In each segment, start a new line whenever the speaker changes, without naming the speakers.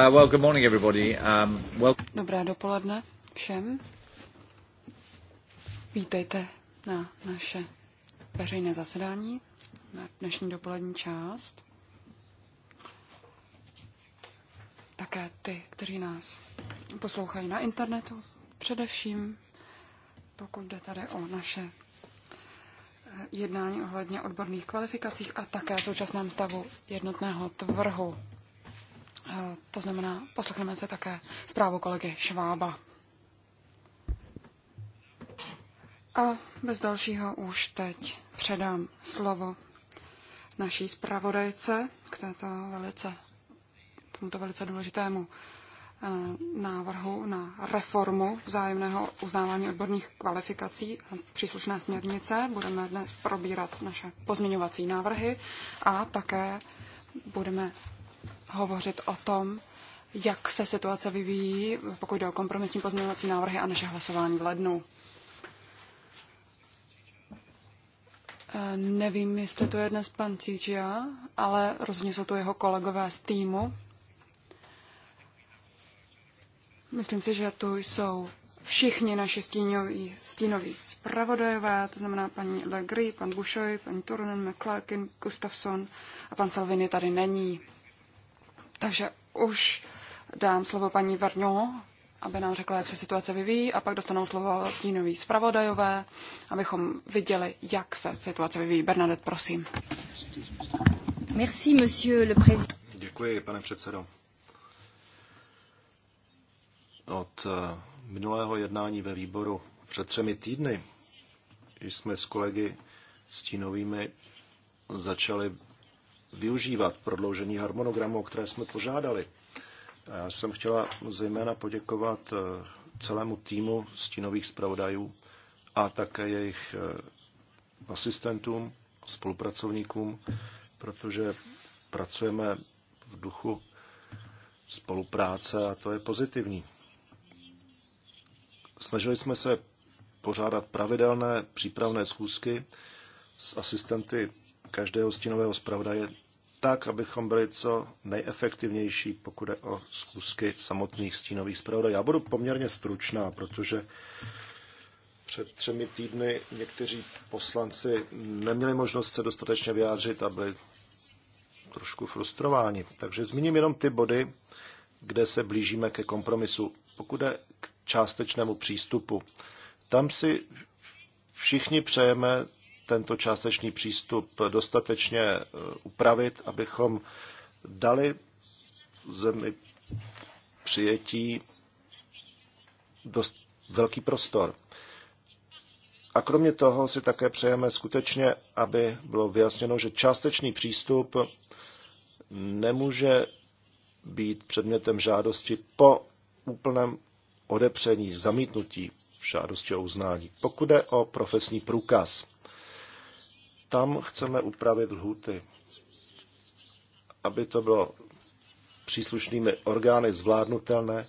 Dobrá uh, well, good morning everybody. Um, well...
Dobré dopoledne všem. Vítejte na naše veřejné zasedání, na dnešní dopolední část. Také ty, kteří nás poslouchají na internetu, především pokud jde tady o naše eh, jednání ohledně odborných kvalifikacích a také současném stavu jednotného trhu. Eh, to znamená, poslechneme se také zprávu kolegy Švába. A bez dalšího už teď předám slovo naší zpravodajce k této velice, tomuto velice důležitému eh, návrhu na reformu vzájemného uznávání odborných kvalifikací a příslušné směrnice. Budeme dnes probírat naše pozměňovací návrhy a také budeme hovořit o tom, jak se situace vyvíjí, pokud jde o kompromisní pozměňovací návrhy a naše hlasování v lednu. Eh, nevím, jestli to je dnes pan Cíčia, ale rozhodně jsou to jeho kolegové z týmu. Myslím si, že tu jsou všichni naši stínoví, stínoví zpravodajové, to znamená paní Legri, pan Bušoj, paní Turunen, McClarkin, Gustafsson a pan Salvini tady není. Takže už dám slovo paní Varňo, aby nám řekla, jak se situace vyvíjí a pak dostanou slovo stínový zpravodajové, abychom viděli, jak se situace vyvíjí. Bernadette, prosím.
Merci, monsieur le président. Děkuji, pane předsedo. Od eh, minulého jednání ve výboru před třemi týdny jsme s kolegy stínovými začali využívat prodloužení harmonogramu, o které jsme požádali. já jsem chtěla zejména poděkovat eh, celému týmu stínových zpravodajů a také jejich eh, asistentům, spolupracovníkům, protože pracujeme v duchu spolupráce a to je pozitivní. Snažili jsme se pořádat pravidelné přípravné schůzky s asistenty každého stínového zpravodaje tak, abychom byli co nejefektivnější, pokud je o zkusky samotných stínových zpravodajů. Já budu poměrně stručná, protože před třemi týdny někteří poslanci neměli možnost se dostatečně vyjádřit a byli trošku frustrováni. Takže zmíním jenom ty body, kde se blížíme ke kompromisu. Pokud je k částečnému přístupu, tam si všichni přejeme tento částečný přístup dostatečně eh, upravit, abychom dali zemi přijetí dost velký prostor. A kromě toho si také přejeme skutečně, aby bylo vyjasněno, že částečný přístup nemůže být předmětem žádosti po úplném odepření, zamítnutí žádosti o uznání, pokud je o profesní průkaz tam chceme upravit lhuty, aby to bylo příslušnými orgány zvládnutelné,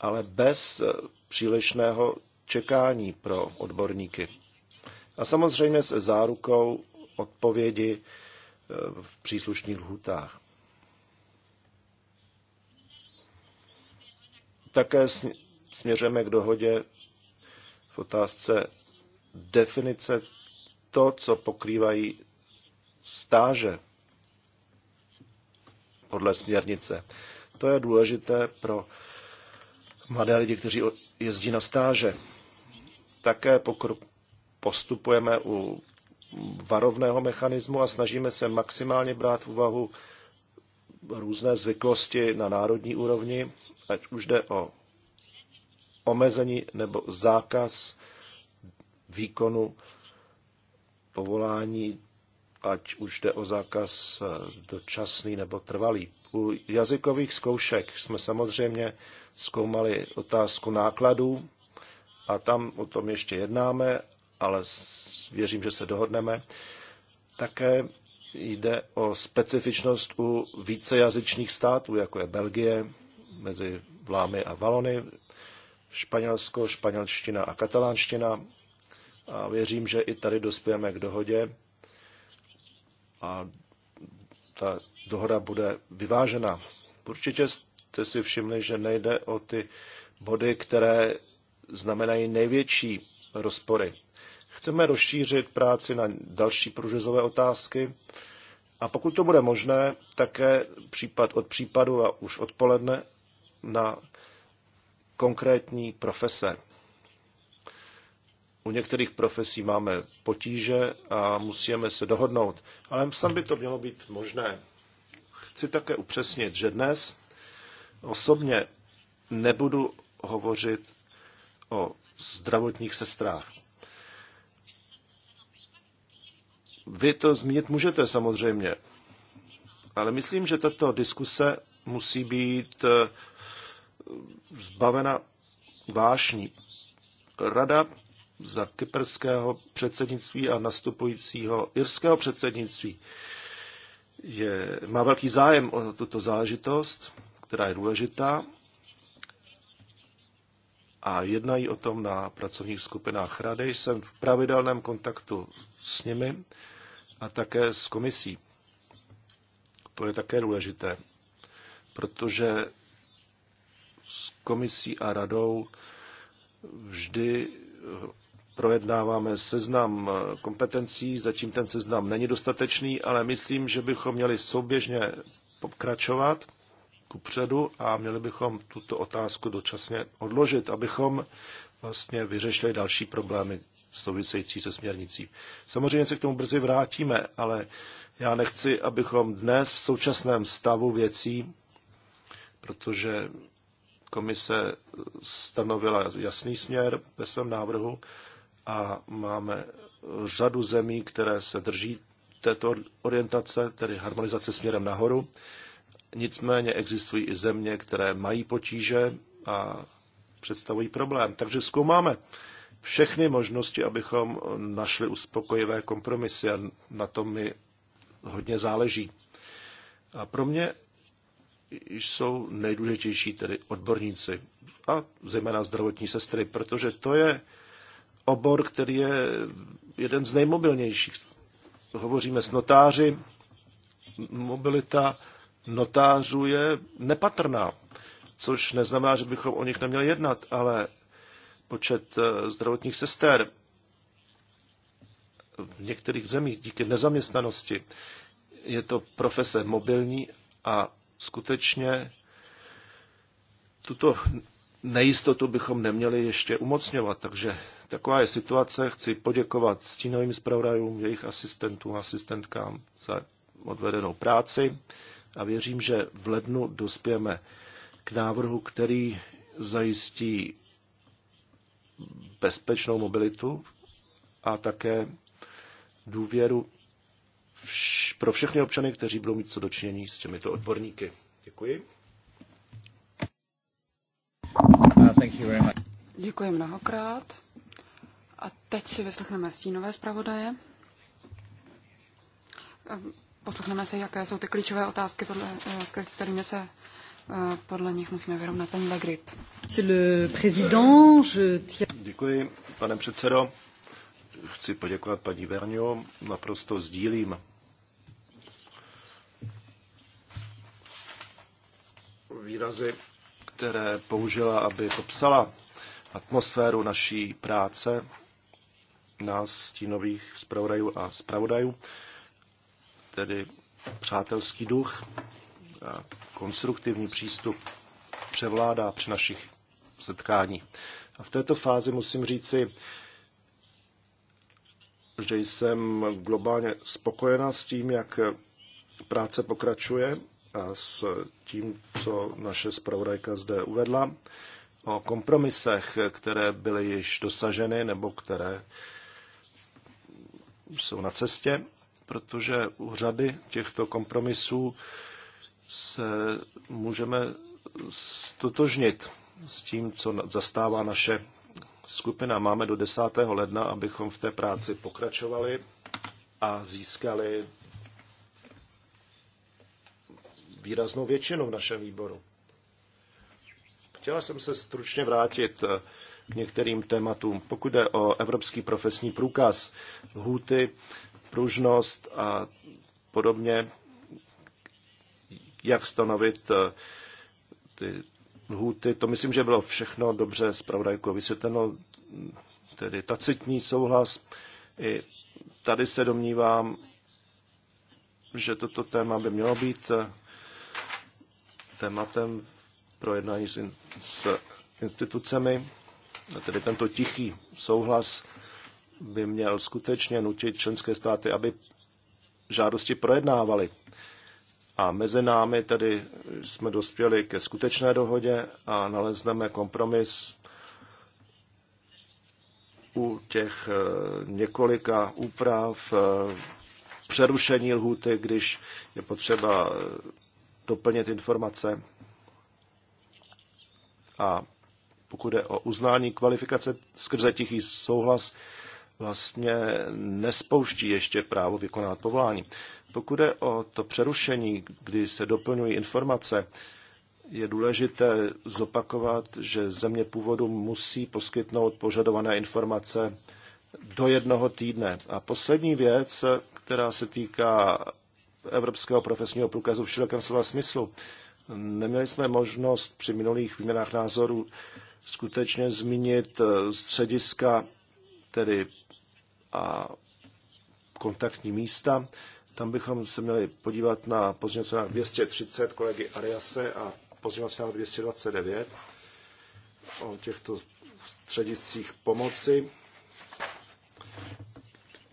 ale bez eh, přílišného čekání pro odborníky. A samozřejmě se zárukou odpovědi eh, v příslušných lhutách. Také směřujeme k dohodě v otázce definice to, co pokrývají stáže podle směrnice. To je důležité pro mladé lidi, kteří jezdí na stáže. Také postupujeme u varovného mechanismu a snažíme se maximálně brát v úvahu různé zvyklosti na národní úrovni, ať už jde o omezení nebo zákaz výkonu povolání, ať už jde o zákaz eh, dočasný nebo trvalý. U jazykových zkoušek jsme samozřejmě zkoumali otázku nákladů a tam o tom ještě jednáme, ale věřím, že se dohodneme. Také jde o specifičnost u vícejazyčných států, jako je Belgie, mezi Vlámy a Valony, Španělsko, španělština a katalánština, a věřím, že i tady dospějeme k dohodě a ta dohoda bude vyvážena. Určitě jste si všimli, že nejde o ty body, které znamenají největší rozpory. Chceme rozšířit práci na další průřezové otázky a pokud to bude možné, také případ od případu a už odpoledne na konkrétní profese u některých profesí máme potíže a musíme se dohodnout, ale snad by to mělo být možné. Chci také upřesnit, že dnes osobně nebudu hovořit o zdravotních sestrách. Vy to zmínit můžete samozřejmě, ale myslím, že tato diskuse musí být eh, zbavena vášní. Rada za kyperského předsednictví a nastupujícího irského předsednictví je, má velký zájem o tuto záležitost, která je důležitá a jednají o tom na pracovních skupinách rady. Jsem v pravidelném kontaktu s nimi a také s komisí. To je také důležité, protože s komisí a radou vždy projednáváme seznam eh, kompetencí, zatím ten seznam není dostatečný, ale myslím, že bychom měli souběžně pokračovat kupředu a měli bychom tuto otázku dočasně odložit, abychom vlastně vyřešili další problémy související se směrnicí. Samozřejmě se k tomu brzy vrátíme, ale já nechci, abychom dnes v současném stavu věcí, protože komise stanovila jasný směr ve svém návrhu, a máme řadu zemí, které se drží této orientace, tedy harmonizace směrem nahoru. Nicméně existují i země, které mají potíže a představují problém. Takže zkoumáme všechny možnosti, abychom našli uspokojivé kompromisy a na tom mi hodně záleží. A pro mě jsou nejdůležitější tedy odborníci a zejména zdravotní sestry, protože to je obor, který je jeden z nejmobilnějších. Hovoříme s notáři, mobilita notářů je nepatrná, což neznamená, že bychom o nich neměli jednat, ale počet eh, zdravotních sester v některých zemích díky nezaměstnanosti je to profese mobilní a skutečně tuto nejistotu bychom neměli ještě umocňovat. Takže taková je situace. Chci poděkovat stínovým zpravodajům, jejich asistentům, asistentkám za odvedenou práci a věřím, že v lednu dospějeme k návrhu, který zajistí bezpečnou mobilitu a také důvěru pro všechny občany, kteří budou mít co dočinění s těmito odborníky. Děkuji. Thank you very much.
Děkuji mnohokrát. A teď si vyslechneme stínové zpravodaje. Poslechneme si, jaké jsou ty klíčové otázky, podle, eh, s kterými se eh, podle nich musíme vyrovnat ten Legrip.
Děkuji, pane předsedo. Chci poděkovat paní Vernio. Naprosto sdílím výrazy které použila, aby popsala atmosféru naší práce, nás, stínových zpravodajů a zpravodajů, tedy přátelský duch a konstruktivní přístup převládá při našich setkáních. A v této fázi musím říci, že jsem globálně spokojená s tím, jak práce pokračuje a s tím, co naše zpravodajka zde uvedla, o kompromisech, které byly již dosaženy nebo které jsou na cestě, protože u řady těchto kompromisů se můžeme stotožnit s tím, co zastává naše skupina. Máme do 10. ledna, abychom v té práci pokračovali a získali výraznou většinu v našem výboru. Chtěla jsem se stručně vrátit eh, k některým tématům. Pokud jde o evropský profesní průkaz, hůty, pružnost a podobně, jak stanovit eh, ty lhůty, to myslím, že bylo všechno dobře zpravodajku vysvětleno, tedy tacitní souhlas. I tady se domnívám, že toto téma by mělo být eh, tématem pro jednání s, in, s institucemi, tedy tento tichý souhlas by měl skutečně nutit členské státy, aby žádosti projednávali. A mezi námi tedy jsme dospěli ke skutečné dohodě a nalezneme kompromis u těch eh, několika úprav, eh, přerušení lhůty, když je potřeba eh, doplnit informace. A pokud je o uznání kvalifikace skrze tichý souhlas, vlastně nespouští ještě právo vykonat povolání. Pokud je o to přerušení, kdy se doplňují informace, je důležité zopakovat, že země původu musí poskytnout požadované informace do jednoho týdne. A poslední věc, která se týká Evropského profesního průkazu v širokém slova smyslu. Neměli jsme možnost při minulých výměnách názorů skutečně zmínit eh, střediska, tedy a kontaktní místa. Tam bychom se měli podívat na pozměňovací 230 kolegy Ariase a pozměňovací 229 o těchto střediscích pomoci.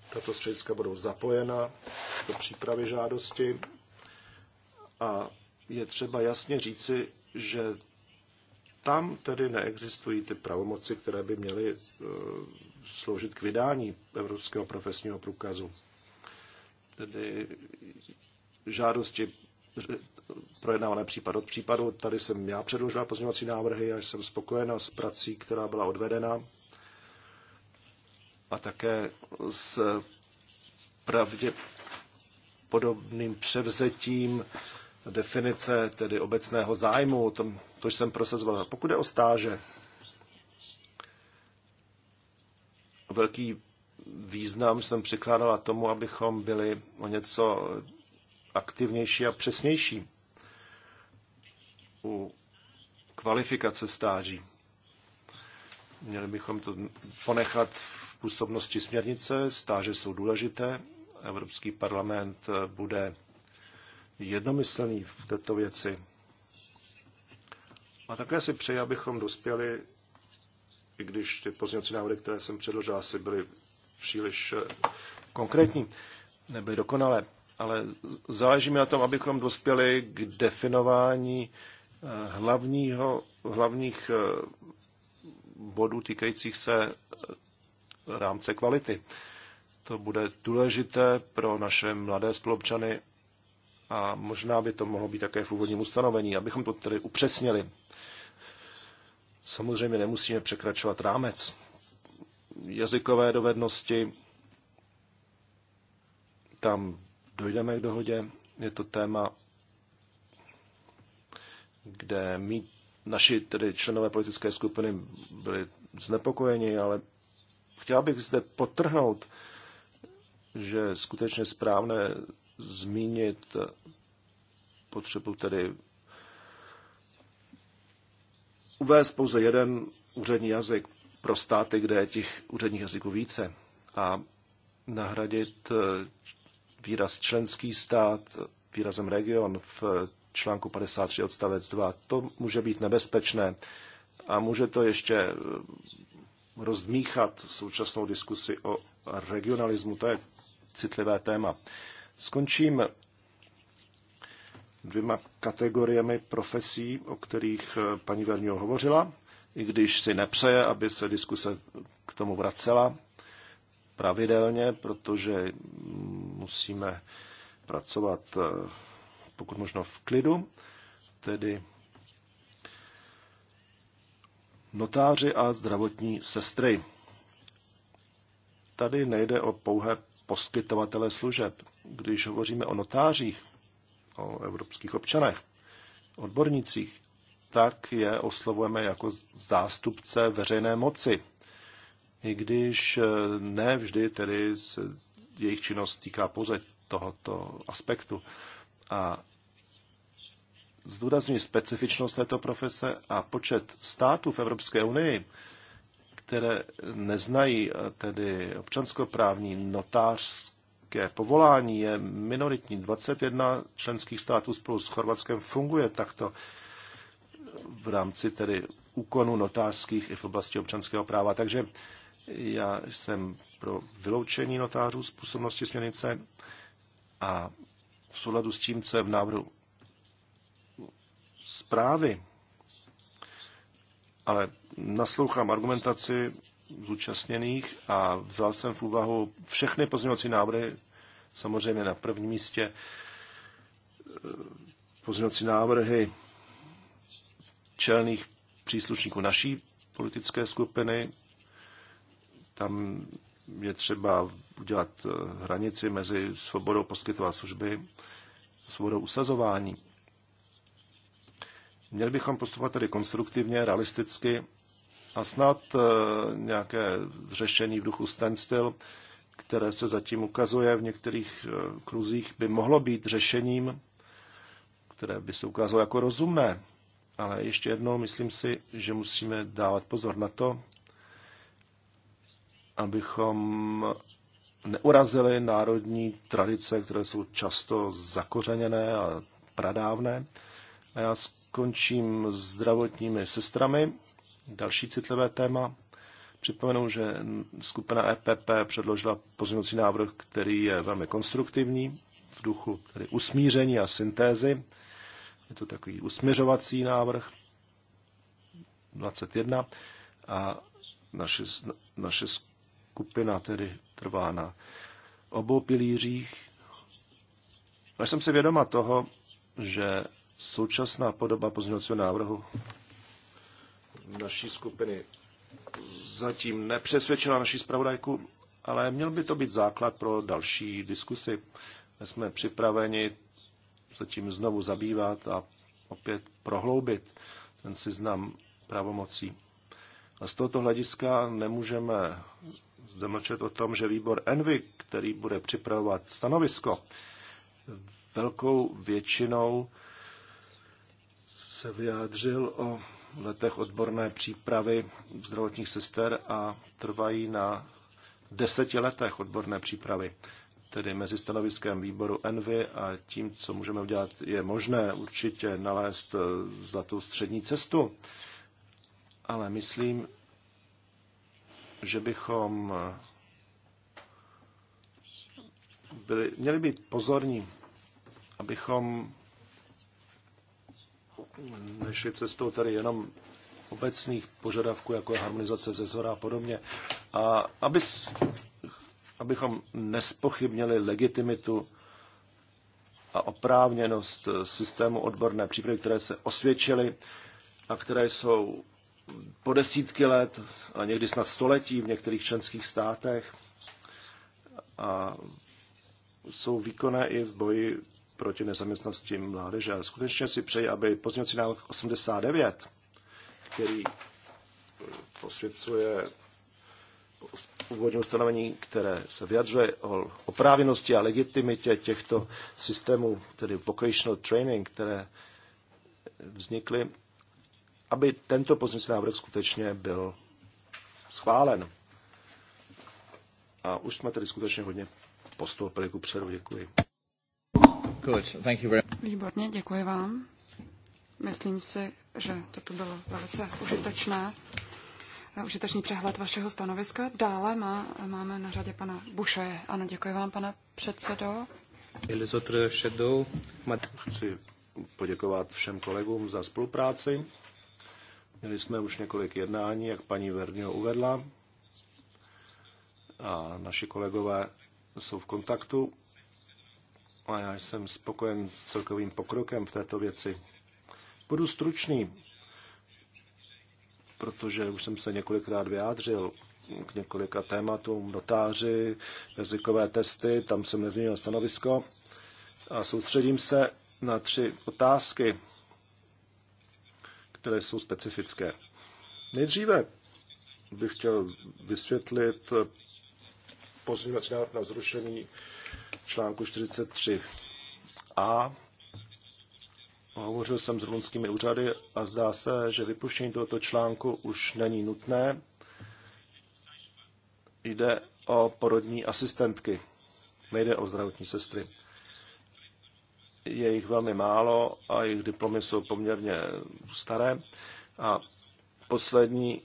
Tato střediska budou zapojena po přípravě žádosti a je třeba jasně říci, že tam tedy neexistují ty pravomoci, které by měly eh, sloužit k vydání Evropského profesního průkazu. Tedy žádosti projednávané případ od případu. Tady jsem já předložila pozměňovací návrhy a jsem spokojena s prací, která byla odvedena a také s pravdě, podobným převzetím definice, tedy obecného zájmu, o tom, to jsem prosazoval. Pokud je o stáže, velký význam jsem přikládala tomu, abychom byli o něco aktivnější a přesnější u kvalifikace stáží. Měli bychom to ponechat v působnosti směrnice, stáže jsou důležité, Evropský parlament bude jednomyslný v této věci. A také si přeji, abychom dospěli, i když ty pozměňovací návrhy, které jsem předložil, asi byly příliš eh, konkrétní, nebyly dokonalé, ale záleží mi na tom, abychom dospěli k definování eh, hlavního, hlavních eh, bodů týkajících se rámce kvality. To bude důležité pro naše mladé spolupčany a možná by to mohlo být také v úvodním ustanovení, abychom to tedy upřesnili. Samozřejmě nemusíme překračovat rámec. Jazykové dovednosti, tam dojdeme k dohodě. Je to téma, kde my, naši tedy členové politické skupiny byli znepokojeni, ale chtěl bych zde potrhnout, že skutečně správné zmínit potřebu tedy uvést pouze jeden úřední jazyk pro státy, kde je těch úředních jazyků více a nahradit eh, výraz členský stát výrazem region v článku 53 odstavec 2. To může být nebezpečné a může to ještě eh, rozdmíchat současnou diskusi o regionalismu. To je citlivé téma. Skončím dvěma kategoriemi profesí, o kterých eh, paní Verňo hovořila, i když si nepřeje, aby se diskuse k tomu vracela pravidelně, protože musíme pracovat eh, pokud možno v klidu, tedy notáři a zdravotní sestry. Tady nejde o pouhé poskytovatele služeb. Když hovoříme o notářích, o evropských občanech, odbornicích, tak je oslovujeme jako zástupce veřejné moci. I když eh, ne vždy tedy se jejich činnost týká pouze tohoto aspektu. A zdůrazní specifičnost této profese a počet států v Evropské unii, které neznají eh, tedy občanskoprávní notářské povolání, je minoritní. 21 členských států spolu s Chorvatskem funguje takto v rámci tedy úkonů notářských i v oblasti občanského práva. Takže já jsem pro vyloučení notářů z působnosti směrnice a v souladu s tím, co je v návrhu zprávy, ale naslouchám argumentaci zúčastněných a vzal jsem v úvahu všechny pozměňovací návrhy, samozřejmě na prvním místě eh, pozměňovací návrhy čelných příslušníků naší politické skupiny. Tam je třeba udělat eh, hranici mezi svobodou poskytovat služby a svobodou usazování. Měli bychom postupovat tedy konstruktivně, realisticky a snad eh, nějaké řešení v duchu standstill, které se zatím ukazuje v některých eh, kruzích, by mohlo být řešením, které by se ukázalo jako rozumné. Ale ještě jednou, myslím si, že musíme dávat pozor na to, abychom neurazili národní tradice, které jsou často zakořeněné a pradávné. A já skončím zdravotními sestrami, Další citlivé téma. Připomenu, že skupina EPP předložila pozměňovací návrh, který je velmi konstruktivní v duchu tedy usmíření a syntézy. Je to takový usměřovací návrh 21 a naše, naše skupina tedy trvá na obou pilířích. Já jsem si vědoma toho, že současná podoba pozměňovacího návrhu naší skupiny zatím nepřesvědčila naší zpravodajku, ale měl by to být základ pro další diskusy. My jsme připraveni se tím znovu zabývat a opět prohloubit ten seznam pravomocí. A z tohoto hlediska nemůžeme zde mlčet o tom, že výbor Envy, který bude připravovat stanovisko, velkou většinou se vyjádřil o letech odborné přípravy zdravotních sester a trvají na deseti letech odborné přípravy. Tedy mezi stanoviskem výboru Envy a tím, co můžeme udělat, je možné určitě nalézt eh, tu střední cestu. Ale myslím, že bychom eh, byli, měli být pozorní, abychom nešli cestou tady jenom obecných požadavků, jako je harmonizace ze zhora a podobně. A abys abychom nespochybnili legitimitu a oprávněnost systému odborné přípravy, které se osvědčily a které jsou po desítky let a někdy snad století v některých členských státech a jsou výkonné i v boji proti nezaměstnanosti mládeže. Ale skutečně si přeji, aby pozměňovací návrh 89, který eh, posvěcuje úvodní ustanovení, které se vyjadřuje o oprávněnosti a legitimitě těchto systémů, tedy vocational training, které vznikly, aby tento pozměňovací návrh skutečně byl schválen. A už jsme tedy skutečně hodně postoupili ku předu. Děkuji. Good. Thank you very...
Výborně, děkuji vám. Myslím si, že toto bylo velice užitečné, eh, užitečný přehled vašeho stanoviska. Dále má, máme na řadě pana Bušoje. Ano, děkuji vám, pane předsedo.
Chci poděkovat všem kolegům za spolupráci. Měli jsme už několik jednání, jak paní Verního uvedla. A naši kolegové jsou v kontaktu a já jsem spokojen s celkovým pokrokem v této věci. Budu stručný, protože už jsem se několikrát vyjádřil k několika tématům, notáři, jazykové testy, tam jsem nezměnil stanovisko a soustředím se na tři otázky, které jsou specifické. Nejdříve bych chtěl vysvětlit pozměňovací návrh na zrušení článku 43. A hovořil jsem s rumunskými úřady a zdá se, že vypuštění tohoto článku už není nutné. Jde o porodní asistentky, nejde o zdravotní sestry. Je jich velmi málo a jejich diplomy jsou poměrně staré. A poslední,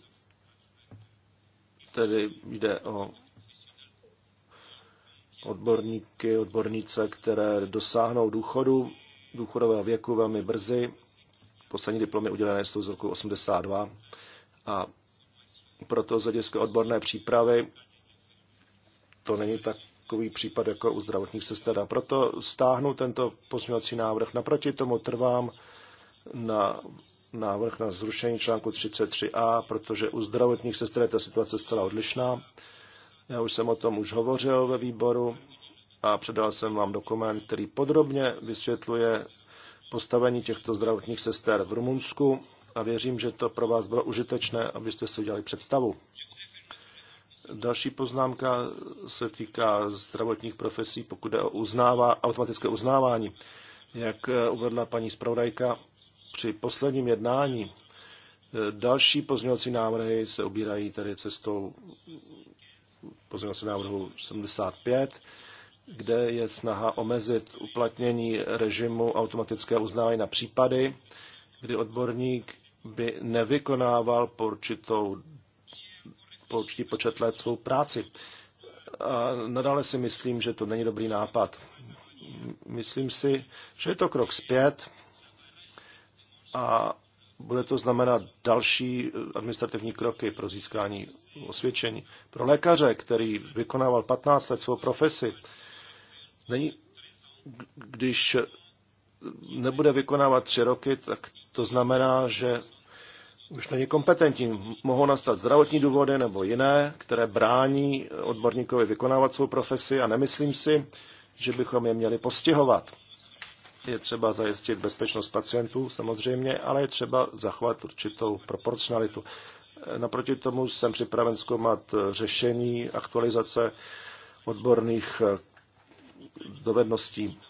tedy jde o odborníky, odbornice, které dosáhnou důchodu, důchodového věku velmi brzy. Poslední diplomy udělené jsou z roku 82 a proto z hlediska odborné přípravy to není takový případ jako u zdravotních sester. A proto stáhnu tento pozměňovací návrh. Naproti tomu trvám na návrh na zrušení článku 33a, protože u zdravotních sester je ta situace zcela odlišná. Já už jsem o tom už hovořil ve výboru a předal jsem vám dokument, který podrobně vysvětluje postavení těchto zdravotních sester v Rumunsku a věřím, že to pro vás bylo užitečné, abyste si udělali představu. Další poznámka se týká zdravotních profesí, pokud je o uznává, automatické uznávání. Jak eh, uvedla paní zpravodajka, při posledním jednání eh, další pozměňovací návrhy se ubírají tady cestou pozměňovacím návrhu 75, kde je snaha omezit uplatnění režimu automatického uznávání na případy, kdy odborník by nevykonával po, určitou, po určitý počet let svou práci. A nadále si myslím, že to není dobrý nápad. Myslím si, že je to krok zpět a bude to znamenat další eh, administrativní kroky pro získání osvědčení. Pro lékaře, který vykonával 15 let svou profesi, není, když nebude vykonávat tři roky, tak to znamená, že už není kompetentní. Mohou nastat zdravotní důvody nebo jiné, které brání odborníkovi vykonávat svou profesi a nemyslím si, že bychom je měli postihovat je třeba zajistit bezpečnost pacientů samozřejmě, ale je třeba zachovat určitou proporcionalitu. Naproti tomu jsem připraven zkoumat řešení aktualizace odborných eh, dovedností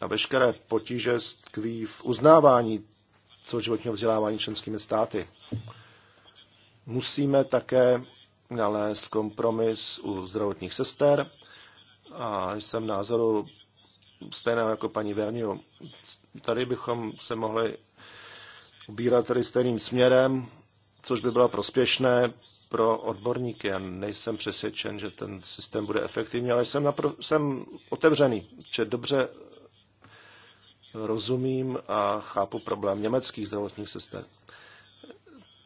a veškeré potíže tkví v uznávání celoživotního vzdělávání členskými státy. Musíme také nalézt kompromis u zdravotních sester a jsem názoru stejného jako paní Verniu. Tady bychom se mohli ubírat tady stejným směrem, což by bylo prospěšné pro odborníky. Já nejsem přesvědčen, že ten systém bude efektivní, ale jsem, napr- jsem otevřený, že dobře rozumím a chápu problém německých zdravotních systémů.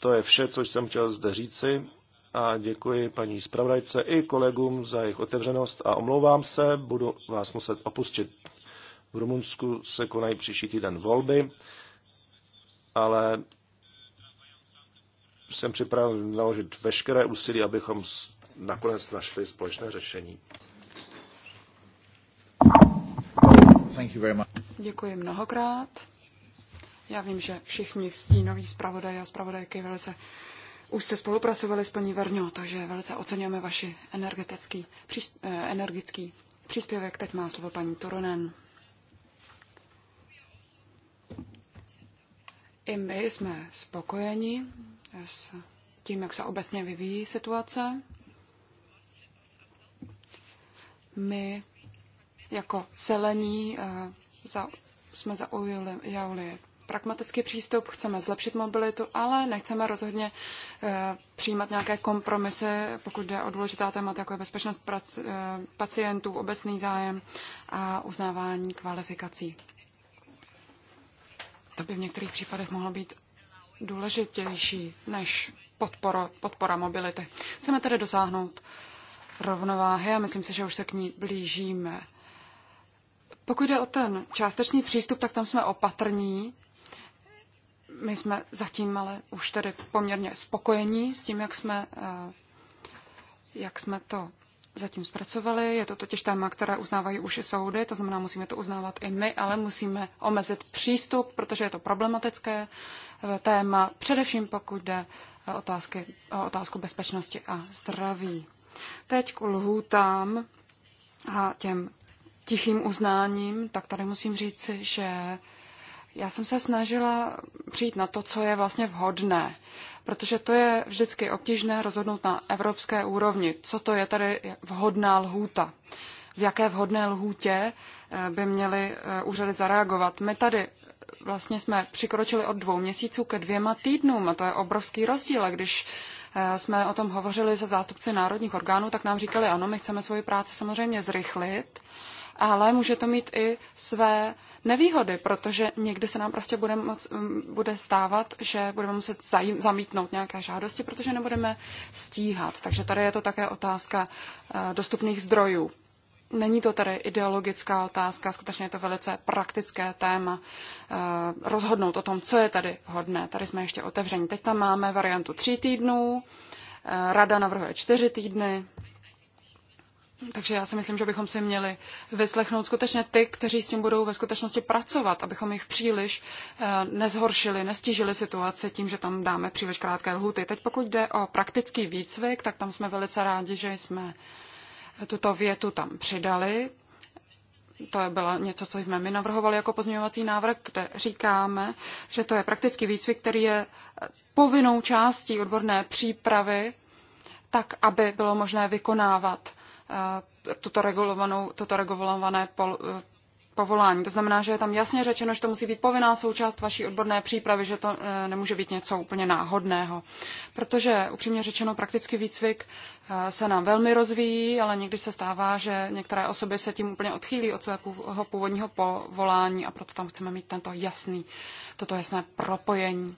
To je vše, co jsem chtěl zde říci a děkuji paní zpravodajce i kolegům za jejich otevřenost a omlouvám se, budu vás muset opustit. V Rumunsku se konají příští týden volby, ale jsem připraven naložit veškeré úsilí, abychom nakonec našli společné řešení.
Děkuji mnohokrát. Já vím, že všichni stínoví zpravodaj a zpravodajky velice už se spolupracovali s paní Verňou, takže velice oceňujeme vaši energetický, přísp, eh, energický příspěvek. Teď má slovo paní Toronen. I my jsme spokojeni s tím, jak se obecně vyvíjí situace. My jako zelení eh, za, jsme zaujali pragmatický přístup, chceme zlepšit mobilitu, ale nechceme rozhodně eh, přijímat nějaké kompromisy, pokud jde o důležitá témata, jako je bezpečnost eh, pacientů, obecný zájem a uznávání kvalifikací. To by v některých případech mohlo být důležitější než podpora, podpora mobility. Chceme tedy dosáhnout rovnováhy a myslím si, že už se k ní blížíme. Pokud jde o ten částečný přístup, tak tam jsme opatrní. My jsme zatím ale už tedy poměrně spokojení s tím, jak jsme, eh, jak jsme to zatím zpracovali. Je to totiž téma, které uznávají už i soudy, to znamená, musíme to uznávat i my, ale musíme omezit přístup, protože je to problematické eh, téma, především pokud jde eh, otázky, o otázku bezpečnosti a zdraví. Teď k lhůtám a těm tichým uznáním, tak tady musím říci, že já jsem se snažila přijít na to, co je vlastně vhodné, protože to je vždycky obtížné rozhodnout na evropské úrovni, co to je tady vhodná lhůta. V jaké vhodné lhůtě eh, by měly eh, úřady zareagovat. My tady eh, vlastně jsme přikročili od dvou měsíců ke dvěma týdnům a to je obrovský rozdíl. A když jsme o tom hovořili se zástupci národních orgánů, tak nám říkali, ano, my chceme svoji práci samozřejmě zrychlit, ale může to mít i své nevýhody, protože někdy se nám prostě bude, moc, bude stávat, že budeme muset zamítnout nějaké žádosti, protože nebudeme stíhat. Takže tady je to také otázka eh, dostupných zdrojů. Není to tady ideologická otázka, skutečně je to velice praktické téma eh, rozhodnout o tom, co je tady vhodné. Tady jsme ještě otevření. Teď tam máme variantu tří týdnů, eh, rada navrhuje čtyři týdny, takže já si myslím, že bychom si měli vyslechnout skutečně ty, kteří s tím budou ve skutečnosti pracovat, abychom jich příliš eh, nezhoršili, nestížili situaci tím, že tam dáme příliš krátké lhuty. Teď pokud jde o praktický výcvik, tak tam jsme velice rádi, že jsme tuto větu tam přidali. To bylo něco, co jsme my navrhovali jako pozměňovací návrh, kde říkáme, že to je praktický výcvik, který je povinnou částí odborné přípravy, tak aby bylo možné vykonávat Eh, tuto regulovanou, toto regulované pol, eh, povolání. To znamená, že je tam jasně řečeno, že to musí být povinná součást vaší odborné přípravy, že to eh, nemůže být něco úplně náhodného. Protože upřímně řečeno, praktický výcvik se nám velmi rozvíjí, ale někdy se stává, že některé osoby se tím úplně odchýlí od svého původního povolání a proto tam chceme mít tento jasný, toto jasné propojení.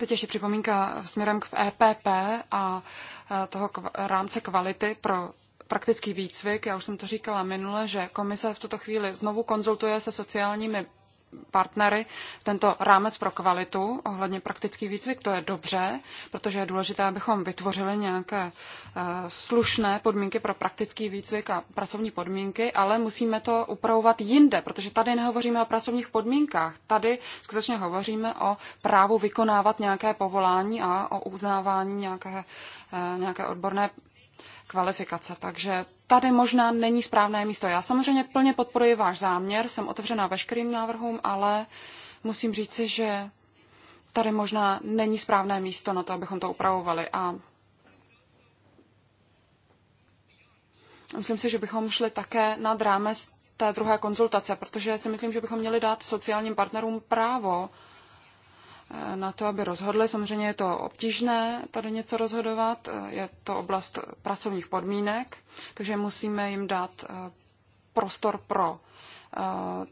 Teď ještě připomínka směrem k EPP a toho rámce kvality pro praktický výcvik. Já už jsem to říkala minule, že komise v tuto chvíli znovu konzultuje se sociálními partnery tento rámec pro kvalitu ohledně praktický výcvik. To je dobře, protože je důležité, abychom vytvořili nějaké eh, slušné podmínky pro praktický výcvik a pracovní podmínky, ale musíme to upravovat jinde, protože tady nehovoříme o pracovních podmínkách. Tady skutečně hovoříme o právu vykonávat nějaké povolání a o uznávání nějaké, eh, nějaké odborné kvalifikace. Takže tady možná není správné místo. Já samozřejmě plně podporuji váš záměr, jsem otevřená veškerým návrhům, ale musím říci, že tady možná není správné místo na to, abychom to upravovali. A myslím si, že bychom šli také nad rámec té druhé konzultace, protože si myslím, že bychom měli dát sociálním partnerům právo na to, aby rozhodli. Samozřejmě je to obtížné tady něco rozhodovat, je to oblast pracovních podmínek, takže musíme jim dát eh, prostor pro eh,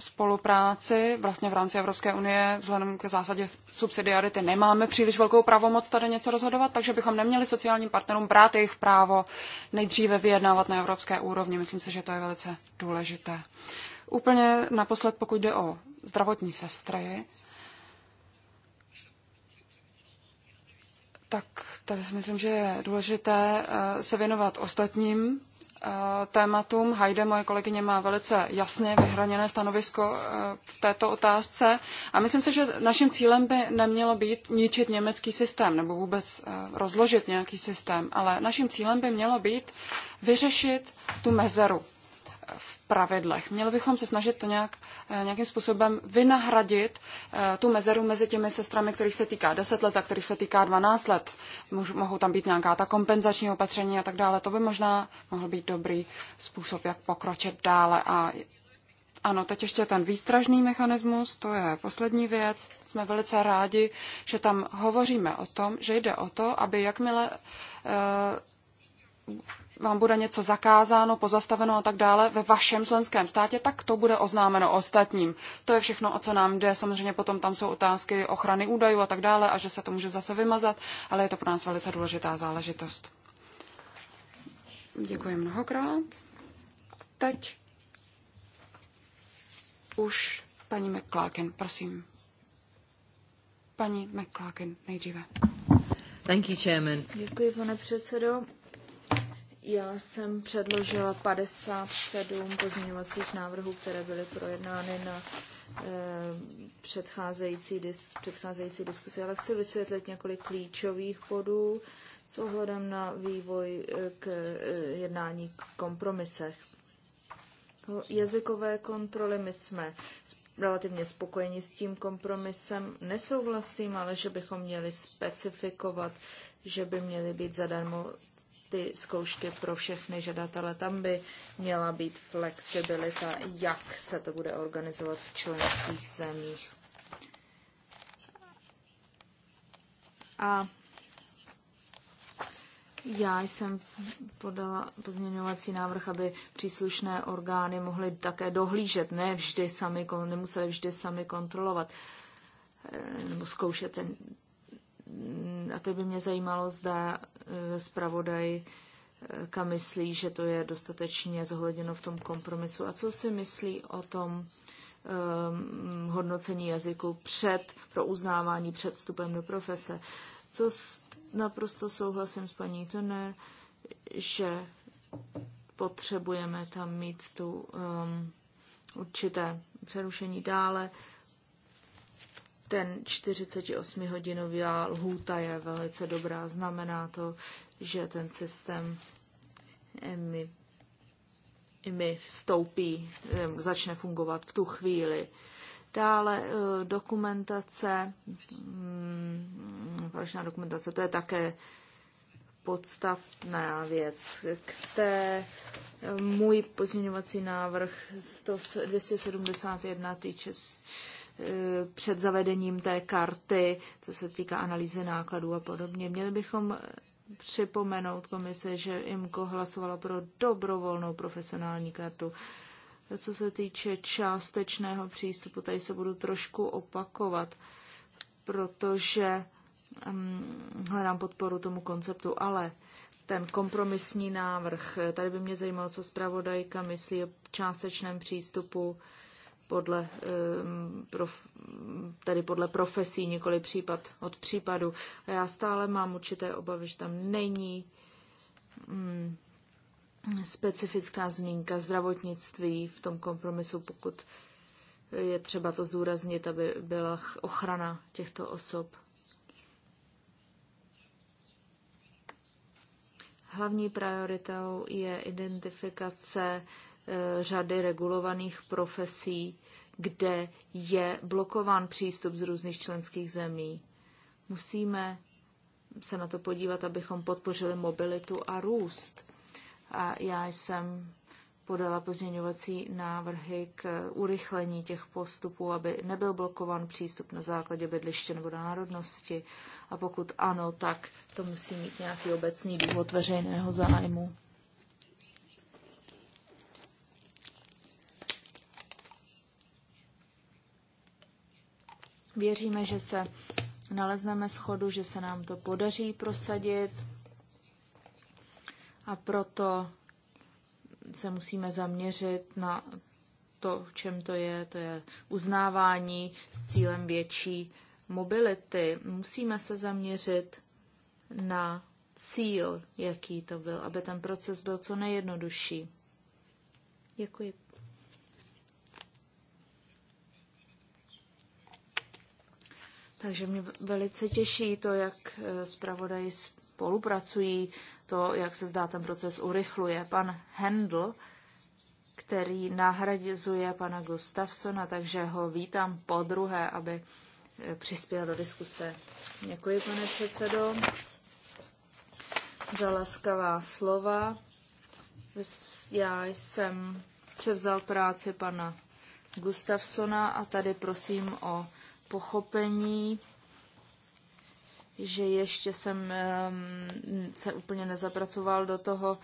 spolupráci vlastně v rámci Evropské unie vzhledem k zásadě subsidiarity nemáme příliš velkou pravomoc tady něco rozhodovat, takže bychom neměli sociálním partnerům brát jejich právo nejdříve vyjednávat na evropské úrovni. Myslím si, že to je velice důležité. Úplně naposled, pokud jde o zdravotní sestry, tak, tady si myslím, že je důležité eh, se věnovat ostatním eh, tématům. Hajde, moje kolegyně, má velice jasně vyhraněné stanovisko eh, v této otázce a myslím si, že naším cílem by nemělo být ničit německý systém nebo vůbec rozložit nějaký systém, ale naším cílem by mělo být vyřešit tu mezeru, v pravidlech. Měli bychom se snažit to nějak, eh, nějakým způsobem vynahradit eh, tu mezeru mezi těmi sestrami, kterých se týká 10 let a kterých se týká 12 let. Mohou tam být nějaká ta kompenzační opatření a tak dále. To by možná mohl být dobrý způsob, jak pokročit dále a ano, teď ještě ten výstražný mechanismus, to je poslední věc. Jsme velice rádi, že tam hovoříme o tom, že jde o to, aby jakmile uh, vám bude něco zakázáno, pozastaveno a tak dále ve vašem členském státě, tak to bude oznámeno ostatním. To je všechno, o co nám jde. Samozřejmě potom tam jsou otázky ochrany údajů a tak dále a že se to může zase vymazat, ale je to pro nás velice důležitá záležitost. Děkuji mnohokrát. Teď už paní McClarkin, prosím. Paní McClarkin nejdříve. Thank you, chairman. Děkuji, pane předsedo.
Já jsem předložila 57 pozměňovacích návrhů, které byly projednány na eh, předcházející, dis, předcházející diskusi, ale chci vysvětlit několik klíčových bodů s ohledem na vývoj eh, k eh, jednání k kompromisech. Jazykové kontroly, my jsme relativně spokojeni s tím kompromisem. Nesouhlasím, ale že bychom měli specifikovat, že by měly být zadarmo ty zkoušky pro všechny žadatele. Tam by měla být flexibilita, jak se to bude organizovat v členských zemích. A já jsem podala pozměňovací návrh, aby příslušné orgány mohly také dohlížet, ne vždy sami, nemuseli vždy sami kontrolovat eh, nebo zkoušet ten Mm, a to by mě zajímalo, zda eh, zpravodaj eh, kam myslí, že to je dostatečně zohledněno v tom kompromisu a co si myslí o tom um, hodnocení jazyku před, pro uznávání před vstupem do profese. Co s, naprosto souhlasím s paní Turner, že potřebujeme tam mít tu um, určité přerušení dále. Uh, ten 48 hodinový lhůta je velice dobrá. Znamená to, že ten systém eh, mi, mi vstoupí, eh, začne fungovat v tu chvíli. Dále eh, dokumentace, mm, falešná dokumentace, to je také podstatná věc. K té můj pozměňovací návrh 271 týče před zavedením té karty, co se týká analýzy nákladů a podobně. Měli bychom připomenout komise, že IMCO hlasovala pro dobrovolnou profesionální kartu. Co se týče částečného přístupu, tady se budu trošku opakovat, protože mm, hledám podporu tomu konceptu, ale ten kompromisní návrh, tady by mě zajímalo, co zpravodajka myslí o částečném přístupu podle, ehm, prof, tedy podle profesí, nikoli případ od případu. A já stále mám určité obavy, že tam není mm, specifická zmínka zdravotnictví v tom kompromisu, pokud je třeba to zdůraznit, aby byla ochrana těchto osob. Hlavní prioritou je identifikace Eh, řady regulovaných profesí, kde je blokován přístup z různých členských zemí. Musíme se na to podívat, abychom podpořili mobilitu a růst. A já jsem podala pozměňovací návrhy k urychlení těch postupů, aby nebyl blokován přístup na základě bydliště nebo národnosti. A pokud ano, tak to musí mít nějaký obecný důvod veřejného zájmu. Věříme, že se nalezneme schodu, že se nám to podaří prosadit a proto se musíme zaměřit na to, v čem to je, to je uznávání s cílem větší mobility. Musíme se zaměřit na cíl, jaký to byl, aby ten proces byl co nejjednodušší. Děkuji. Takže mě velice těší to, jak e, zpravodaji spolupracují, to, jak se zdá ten proces urychluje. Pan Hendl, který nahradizuje pana Gustafsona, takže ho vítám po druhé, aby e, přispěl do diskuse. Děkuji, pane předsedo, za laskavá slova. Já jsem převzal práci pana Gustafsona a tady prosím o pochopení, že ještě jsem se úplně nezapracoval do toho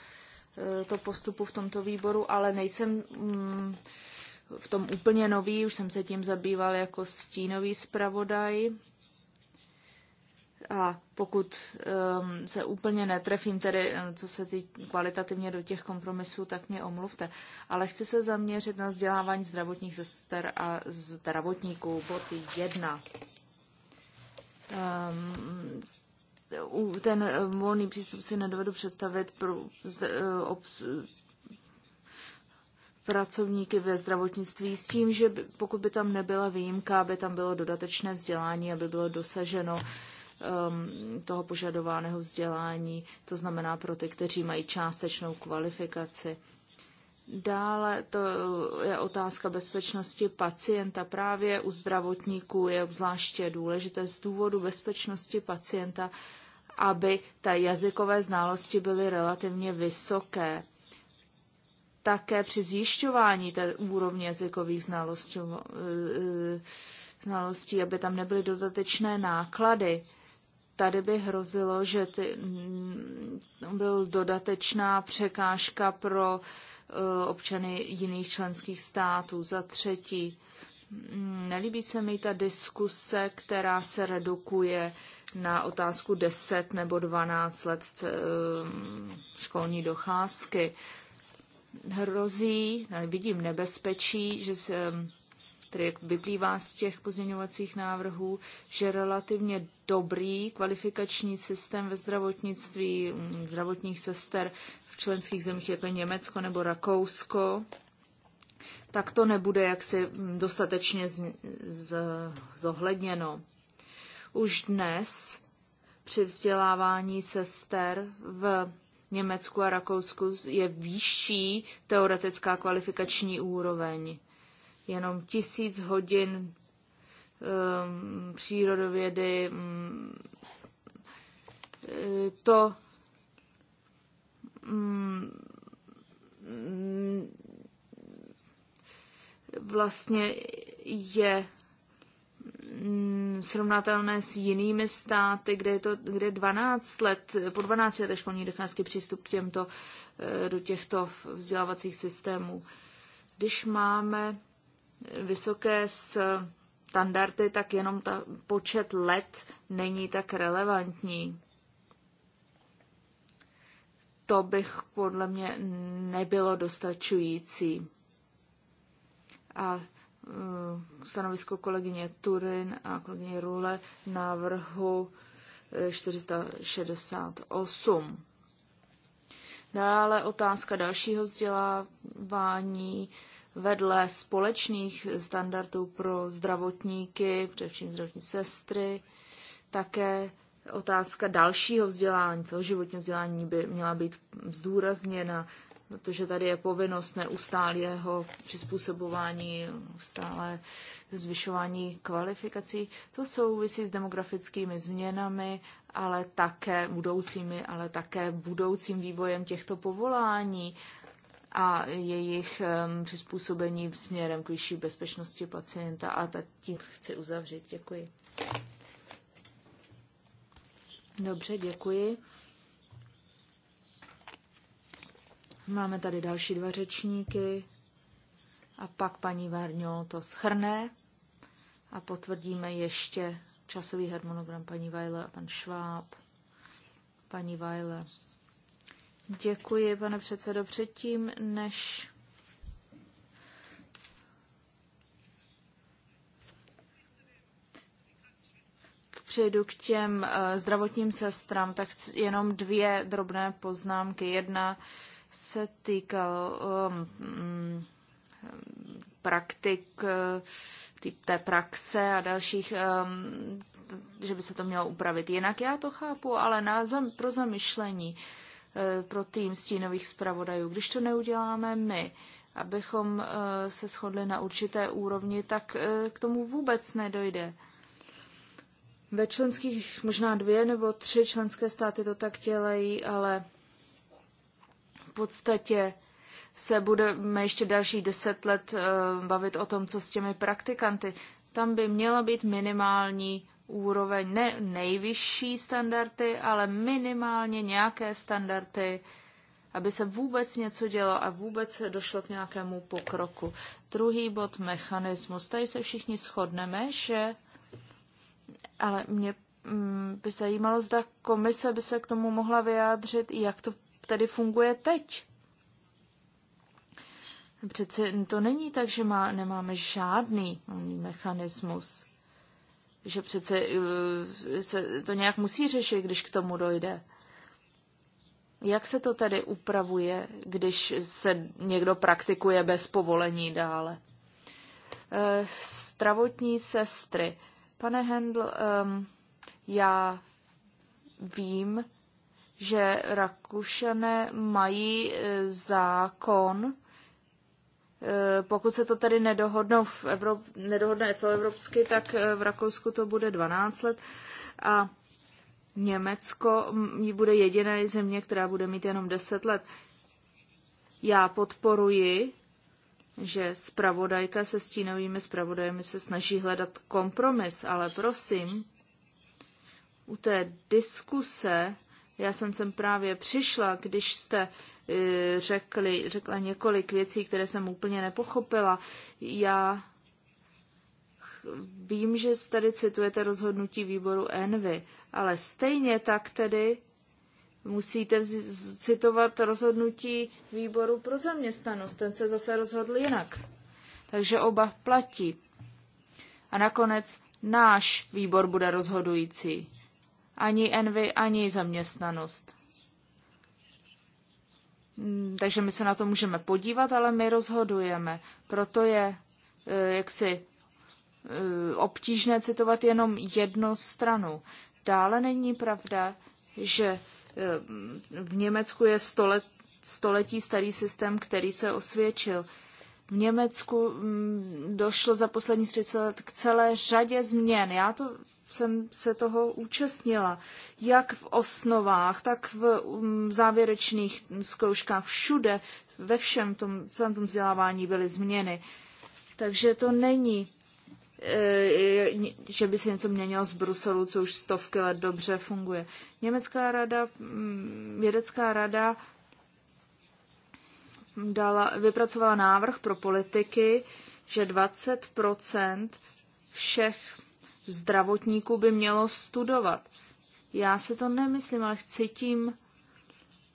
e, to postupu v tomto výboru, ale nejsem mm, v tom úplně nový, už jsem se tím zabýval jako stínový zpravodaj a pokud um, se úplně netrefím, tedy eh, co se týká kvalitativně do těch kompromisů, tak mě omluvte. Ale chci se zaměřit na vzdělávání zdravotních sester a zdravotníků, bod jedna. Um, ten eh, volný přístup si nedovedu představit pro eh, pracovníky ve zdravotnictví s tím, že pokud by tam nebyla výjimka, aby tam bylo dodatečné vzdělání, aby bylo dosaženo um, toho požadovaného vzdělání, to znamená pro ty, kteří mají částečnou kvalifikaci. Dále to je otázka bezpečnosti pacienta. Právě u zdravotníků je obzvláště důležité z důvodu bezpečnosti pacienta, aby ta jazykové znalosti byly relativně vysoké. Také při zjišťování té úrovně jazykových znalostí, eh, znalostí aby tam nebyly dodatečné náklady tady by hrozilo, že ty, mm, byl dodatečná překážka pro eh, občany jiných členských států. Za třetí, mm, nelíbí se mi ta diskuse, která se redukuje na otázku 10 nebo 12 let eh, školní docházky. Hrozí, vidím nebezpečí, že se tedy jak vyplývá z těch pozměňovacích návrhů, že relativně dobrý kvalifikační systém ve zdravotnictví mm, zdravotních sester v členských zemích, jako Německo nebo Rakousko, tak to nebude jaksi mm, dostatečně z, z, zohledněno. Už dnes při vzdělávání sester v Německu a Rakousku je výšší teoretická kvalifikační úroveň jenom tisíc hodin um, přírodovědy. Um, to um, vlastně je um, srovnatelné s jinými státy, kde je to, kde 12 let, po 12 letech školní docházky přístup k těmto, eh, do těchto vzdělávacích systémů. Když máme vysoké standardy, tak jenom ta počet let není tak relevantní. To bych podle mě nebylo dostačující. A e, stanovisko kolegyně Turin a kolegyně Rule návrhu 468. E, Dále otázka dalšího vzdělávání vedle společných standardů pro zdravotníky, především zdravotní sestry, také otázka dalšího vzdělání, celoživotního vzdělání by měla být zdůrazněna, protože tady je povinnost neustálého přizpůsobování, stále zvyšování kvalifikací. To souvisí s demografickými změnami, ale také budoucími, ale také budoucím vývojem těchto povolání a jejich um, přizpůsobení směrem k vyšší bezpečnosti pacienta a tak tím chci uzavřít. Děkuji. Dobře, děkuji. Máme tady další dva řečníky a pak paní Varňo to schrne a potvrdíme ještě časový harmonogram paní Vajle a pan Šváb. Paní Vajle. Děkuji, pane předsedo. Předtím, než přejdu k těm eh, zdravotním sestram, tak jenom dvě drobné poznámky. Jedna se týká um, ehm, mm, praktik, eh, té praxe a dalších, um, že by se to mělo upravit. Jinak já to chápu, ale na, pro zamyšlení. Uh, Eh, pro tým stínových zpravodajů. Když to neuděláme my, abychom eh, se shodli na určité úrovni, tak eh, k tomu vůbec nedojde. Ve členských možná dvě nebo tři členské státy to tak dělají, ale v podstatě se budeme ještě další deset let bavit o tom, co s těmi praktikanty. Tam by měla být minimální úroveň, ne nejvyšší standardy, ale minimálně nějaké standardy, aby se vůbec něco dělo a vůbec se došlo k nějakému pokroku. Druhý bod mechanismus. Tady se všichni shodneme, že ale mě mm, by zajímalo, zda komise by se k tomu mohla vyjádřit, jak to tady funguje teď. Přece to není tak, že má, nemáme žádný mechanismus že přece eh, se to nějak musí řešit, když k tomu dojde. Jak se to tedy upravuje, když se někdo praktikuje bez povolení dále? Stravotní eh, sestry. Pane Hendl, ehm, já vím, že Rakušané mají eh, zákon, Eh, pokud se to tedy nedohodnou v Evrop, nedohodne celoevropsky, tak eh, v Rakousku to bude 12 let a Německo mm, bude jediné země, která bude mít jenom 10 let. Já podporuji, že spravodajka se stínovými spravodajemi se snaží hledat kompromis, ale prosím, u té diskuse já jsem sem právě přišla, když jste e, řekli, řekla několik věcí, které jsem úplně nepochopila. Já vím, že tady citujete rozhodnutí výboru Envy, ale stejně tak tedy musíte citovat rozhodnutí výboru pro zaměstnanost. Ten se zase rozhodl jinak. Takže oba platí. A nakonec náš výbor bude rozhodující ani envy, ani zaměstnanost. Hmm, takže my se na to můžeme podívat, ale my rozhodujeme. Proto je eh, jaksi eh, obtížné citovat jenom jednu stranu. Dále není pravda, že eh, v Německu je stolet, století starý systém, který se osvědčil. V Německu mm, došlo za poslední 30 let k celé řadě změn. Já to jsem se toho účastnila. Jak v osnovách, tak v um, závěrečných zkouškách, všude, ve všem tom, celém tom vzdělávání byly změny. Takže to není, eh, že by se něco měnilo z Bruselu, co už stovky let dobře funguje. Německá rada, mm, vědecká rada dala, vypracovala návrh pro politiky, že 20 všech zdravotníků by mělo studovat. Já si to nemyslím, ale chci tím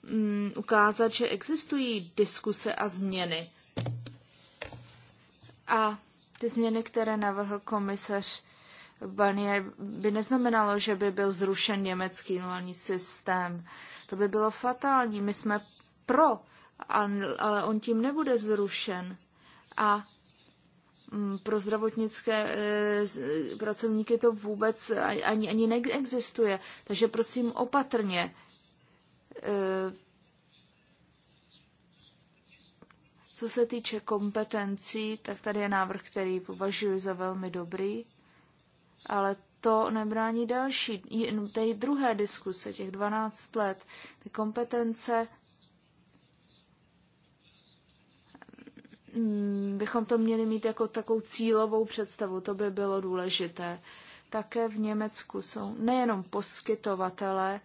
mm, ukázat, že existují diskuse a změny. A ty změny, které navrhl komisař Barnier, by neznamenalo, že by byl zrušen německý nulní systém. To by bylo fatální. My jsme pro, ale on tím nebude zrušen. A Mm, pro zdravotnické eh, pracovníky to vůbec ani, ani neexistuje. Takže prosím opatrně. Eh, co se týče kompetencí, tak tady je návrh, který považuji za velmi dobrý, ale to nebrání další, té druhé diskuse, těch 12 let. Ty kompetence Mm, bychom to měli mít jako takovou cílovou představu, to by bylo důležité. Také v Německu jsou nejenom poskytovatele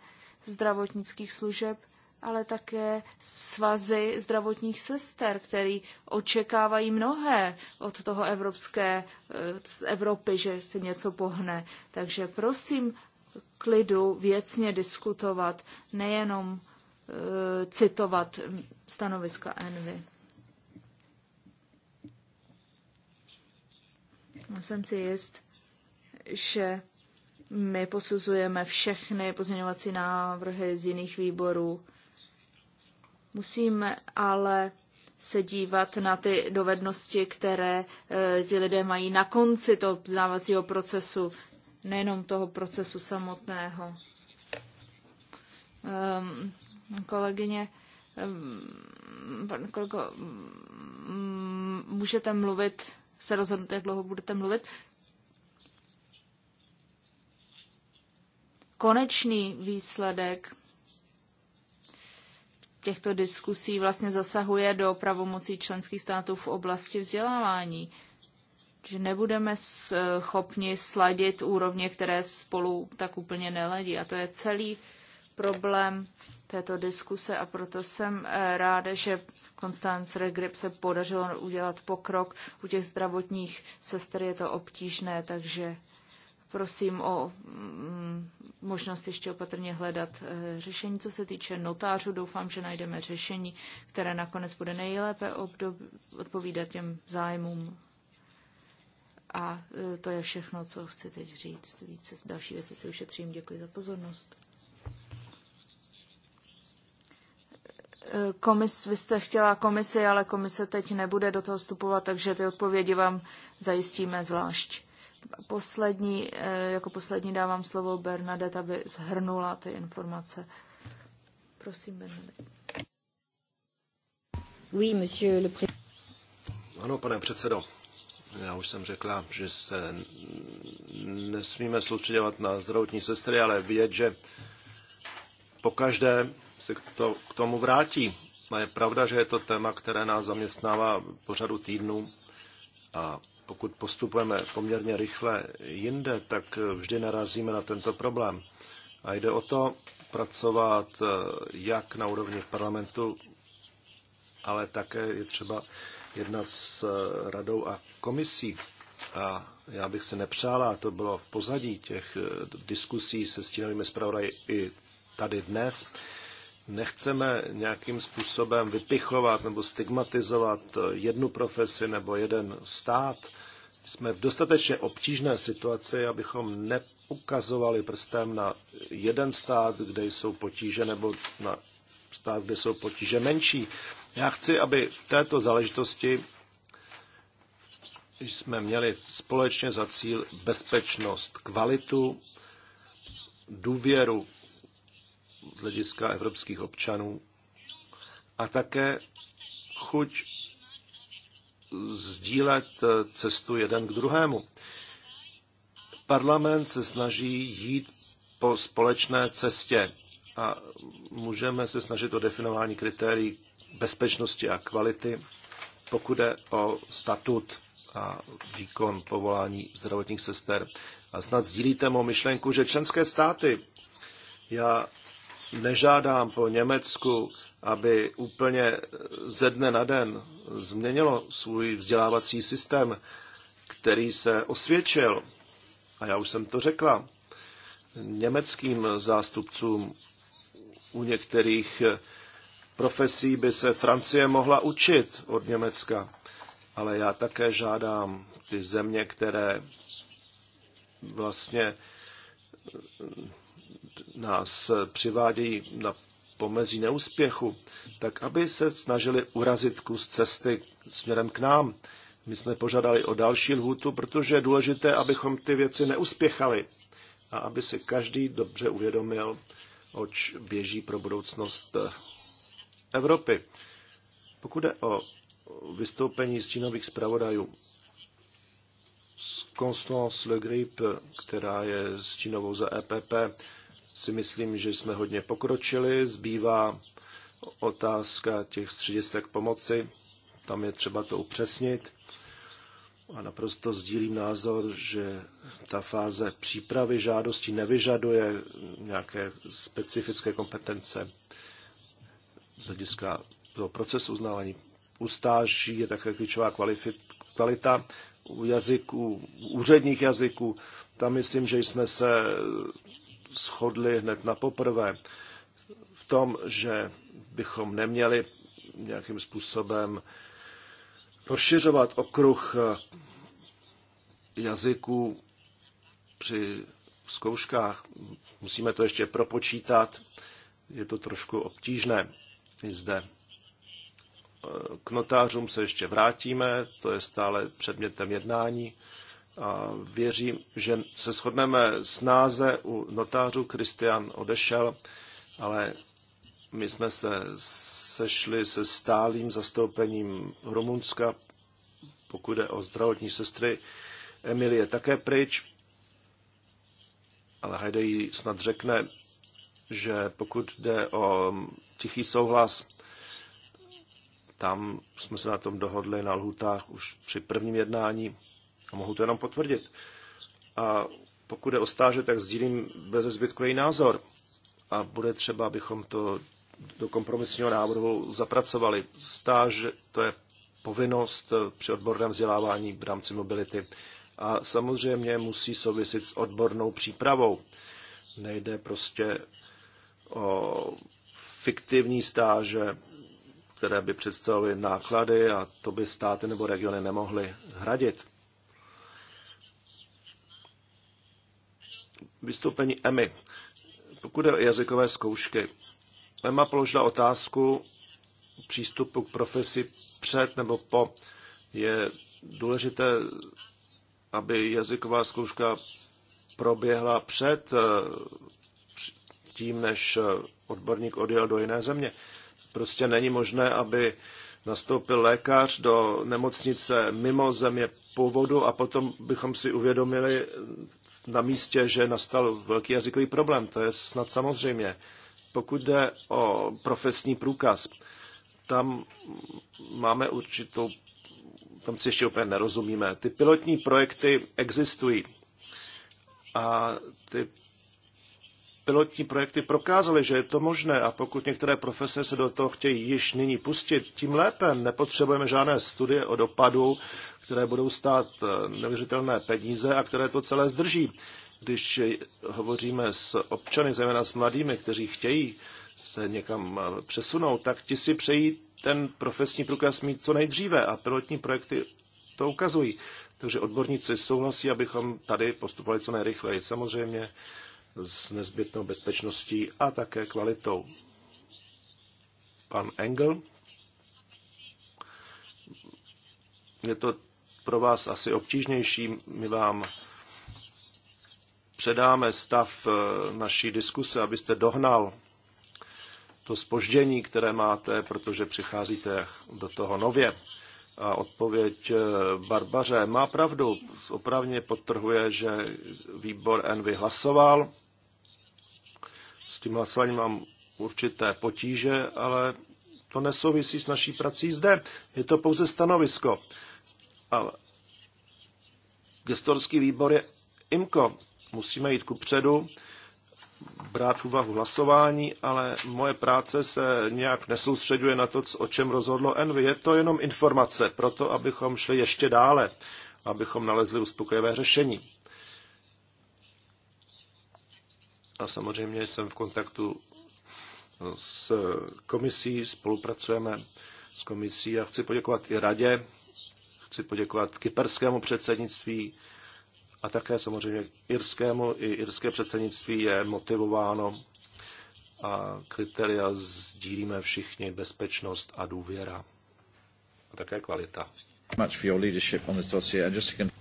zdravotnických služeb, ale také svazy zdravotních sester, který očekávají mnohé od toho evropské, eh, z Evropy, že se něco pohne. Takže prosím klidu věcně diskutovat, nejenom eh, citovat stanoviska Envy. Jsem si jist, že my posuzujeme všechny pozměňovací návrhy z jiných výborů. Musíme ale se dívat na ty dovednosti, které eh, ti lidé mají na konci toho vzdávacího procesu, nejenom toho procesu samotného. Um, kolegyně, um, ehm, pan kolego, um, můžete mluvit se rozhodnete, jak dlouho budete mluvit. Konečný výsledek těchto diskusí vlastně zasahuje do pravomocí členských států v oblasti vzdělávání. Že nebudeme eh, schopni sladit úrovně, které spolu tak úplně neladí. A to je celý problém této diskuse a proto jsem eh, ráda, že Konstanc Regrip se podařilo udělat pokrok. U těch zdravotních sester je to obtížné, takže prosím o mm, možnost ještě opatrně hledat eh, řešení. Co se týče notářů, doufám, že najdeme řešení, které nakonec bude nejlépe odpovídat těm zájmům. A eh, to je všechno, co chci teď říct. Více další věci si ušetřím. Děkuji za pozornost. komis, vy jste chtěla komisi, ale komise teď nebude do toho vstupovat, takže ty odpovědi vám zajistíme zvlášť. Poslední, eh, jako poslední dávám slovo Bernadette, aby zhrnula ty informace. Prosím, Bernadette. Oui, monsieur le
Ano, pane předsedo. Já už jsem řekla, že se nesmíme soustředovat na zdravotní sestry, ale vědět, že po každé se k, to, k tomu vrátí. A je pravda, že je to téma, které nás zaměstnává po řadu týdnů a pokud postupujeme poměrně rychle jinde, tak vždy narazíme na tento problém. A jde o to pracovat eh, jak na úrovni parlamentu, ale také je třeba jednat s eh, radou a komisí. A já bych se nepřála, a to bylo v pozadí těch eh, diskusí se stínovými zpravodaji i tady dnes, nechceme nějakým způsobem vypichovat nebo stigmatizovat eh, jednu profesi nebo jeden stát. Jsme v dostatečně obtížné situaci, abychom neukazovali prstem na jeden stát, kde jsou potíže, nebo na stát, kde jsou potíže menší. Já chci, aby v této záležitosti jsme měli společně za cíl bezpečnost, kvalitu, důvěru z hlediska evropských občanů a také chuť sdílet eh, cestu jeden k druhému. Parlament se snaží jít po společné cestě a můžeme se snažit o definování kritérií bezpečnosti a kvality, pokud je o statut a výkon povolání zdravotních sester. A snad sdílíte mou myšlenku, že členské státy, já nežádám po Německu, aby úplně ze dne na den změnilo svůj vzdělávací systém, který se osvědčil, a já už jsem to řekla, německým zástupcům u některých profesí by se Francie mohla učit od Německa. Ale já také žádám ty země, které vlastně nás přivádějí na pomezí neúspěchu, tak aby se snažili urazit kus cesty směrem k nám. My jsme požadali o další lhůtu, protože je důležité, abychom ty věci neuspěchali a aby si každý dobře uvědomil, oč běží pro budoucnost Evropy. Pokud je o vystoupení stínových zpravodajů, z Constance Le Grip, která je stínovou za EPP, si myslím, že jsme hodně pokročili. Zbývá otázka těch středisek pomoci. Tam je třeba to upřesnit. A naprosto sdílím názor, že ta fáze přípravy žádosti nevyžaduje nějaké specifické kompetence z hlediska toho procesu uznávání. U stáží je také klíčová kvalita u jazyků, u úředních jazyků. Tam myslím, že jsme se shodli hned na poprvé v tom, že bychom neměli nějakým způsobem rozšiřovat okruh eh, jazyků při zkouškách. Musíme to ještě propočítat. Je to trošku obtížné i zde. Eh, k notářům se ještě vrátíme, to je stále předmětem jednání a věřím, že se shodneme snáze u notářů. Kristian odešel, ale my jsme se sešli se stálým zastoupením Rumunska, pokud je o zdravotní sestry. Emilie je také pryč, ale Heidej snad řekne, že pokud jde o tichý souhlas, tam jsme se na tom dohodli na lhutách už při prvním jednání a mohu to jenom potvrdit. A pokud je o stáže, tak sdílím bez zbytku její názor. A bude třeba, abychom to do kompromisního návrhu zapracovali. Stáž to je povinnost při odborném vzdělávání v rámci mobility. A samozřejmě musí souvisit s odbornou přípravou. Nejde prostě o fiktivní stáže, které by představovaly náklady a to by státy nebo regiony nemohly hradit. vystoupení Emy. Pokud je o jazykové zkoušky, Emma položila otázku přístupu k profesi před nebo po. Je důležité, aby jazyková zkouška proběhla před eh, tím, než eh, odborník odjel do jiné země. Prostě není možné, aby nastoupil lékař do nemocnice mimo země původu a potom bychom si uvědomili na místě, že nastal velký jazykový problém. To je snad samozřejmě. Pokud jde o profesní průkaz, tam máme určitou, tam si ještě úplně nerozumíme. Ty pilotní projekty existují a ty pilotní projekty prokázaly, že je to možné a pokud některé profese se do toho chtějí již nyní pustit, tím lépe nepotřebujeme žádné studie o dopadu, které budou stát eh, neuvěřitelné peníze a které to celé zdrží. Když hovoříme s občany, zejména s mladými, kteří chtějí se někam eh, přesunout, tak ti si přejí ten profesní průkaz mít co nejdříve a pilotní projekty to ukazují. Takže odborníci souhlasí, abychom tady postupovali co nejrychleji. Samozřejmě s nezbytnou bezpečností a také kvalitou. Pan Engel, je to pro vás asi obtížnější, my vám předáme stav eh, naší diskuse, abyste dohnal to spoždění, které máte, protože přicházíte do toho nově. A odpověď eh, Barbaře má pravdu. Opravně podtrhuje, že výbor Envy hlasoval s tím hlasováním mám určité potíže, ale to nesouvisí s naší prací zde. Je to pouze stanovisko. Ale gestorský výbor je IMKO. Musíme jít ku předu, brát v úvahu hlasování, ale moje práce se nějak nesoustředuje na to, o čem rozhodlo Envy. Je to jenom informace pro to, abychom šli ještě dále, abychom nalezli uspokojivé řešení. a samozřejmě jsem v kontaktu s komisí, spolupracujeme s komisí a chci poděkovat i radě, chci poděkovat kyperskému předsednictví a také samozřejmě irskému. I irské předsednictví je motivováno a kritéria sdílíme všichni bezpečnost a důvěra a také kvalita.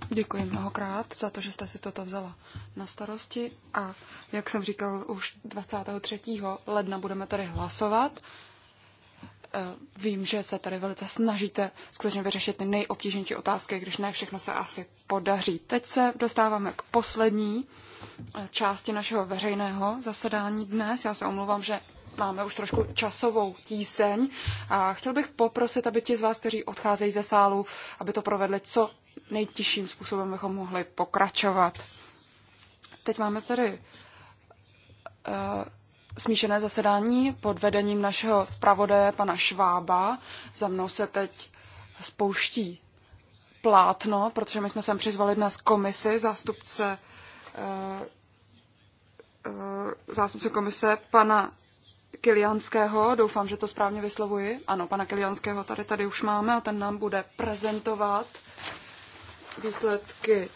Děkuji mnohokrát za to, že jste si toto vzala na starosti a jak jsem říkal, už 23. ledna budeme tady hlasovat. Eh, vím, že se tady velice snažíte skutečně vyřešit ty nejobtížnější otázky, když ne všechno se asi podaří. Teď se dostáváme k poslední eh, části našeho veřejného zasedání dnes. Já se omluvám, že máme už trošku časovou tíseň a chtěl bych poprosit, aby ti z vás, kteří odcházejí ze sálu, aby to provedli co nejtěžším způsobem, bychom mohli pokračovat. Teď máme tady uh, smíšené zasedání pod vedením našeho zpravodaje pana Švába. Za mnou se teď spouští plátno, protože my jsme sem přizvali dnes komisi, zástupce, uh, uh, zástupce komise pana Kilianského, doufám, že to správně vyslovuji. Ano, pana Kilianského tady, tady už máme a ten nám bude prezentovat výsledky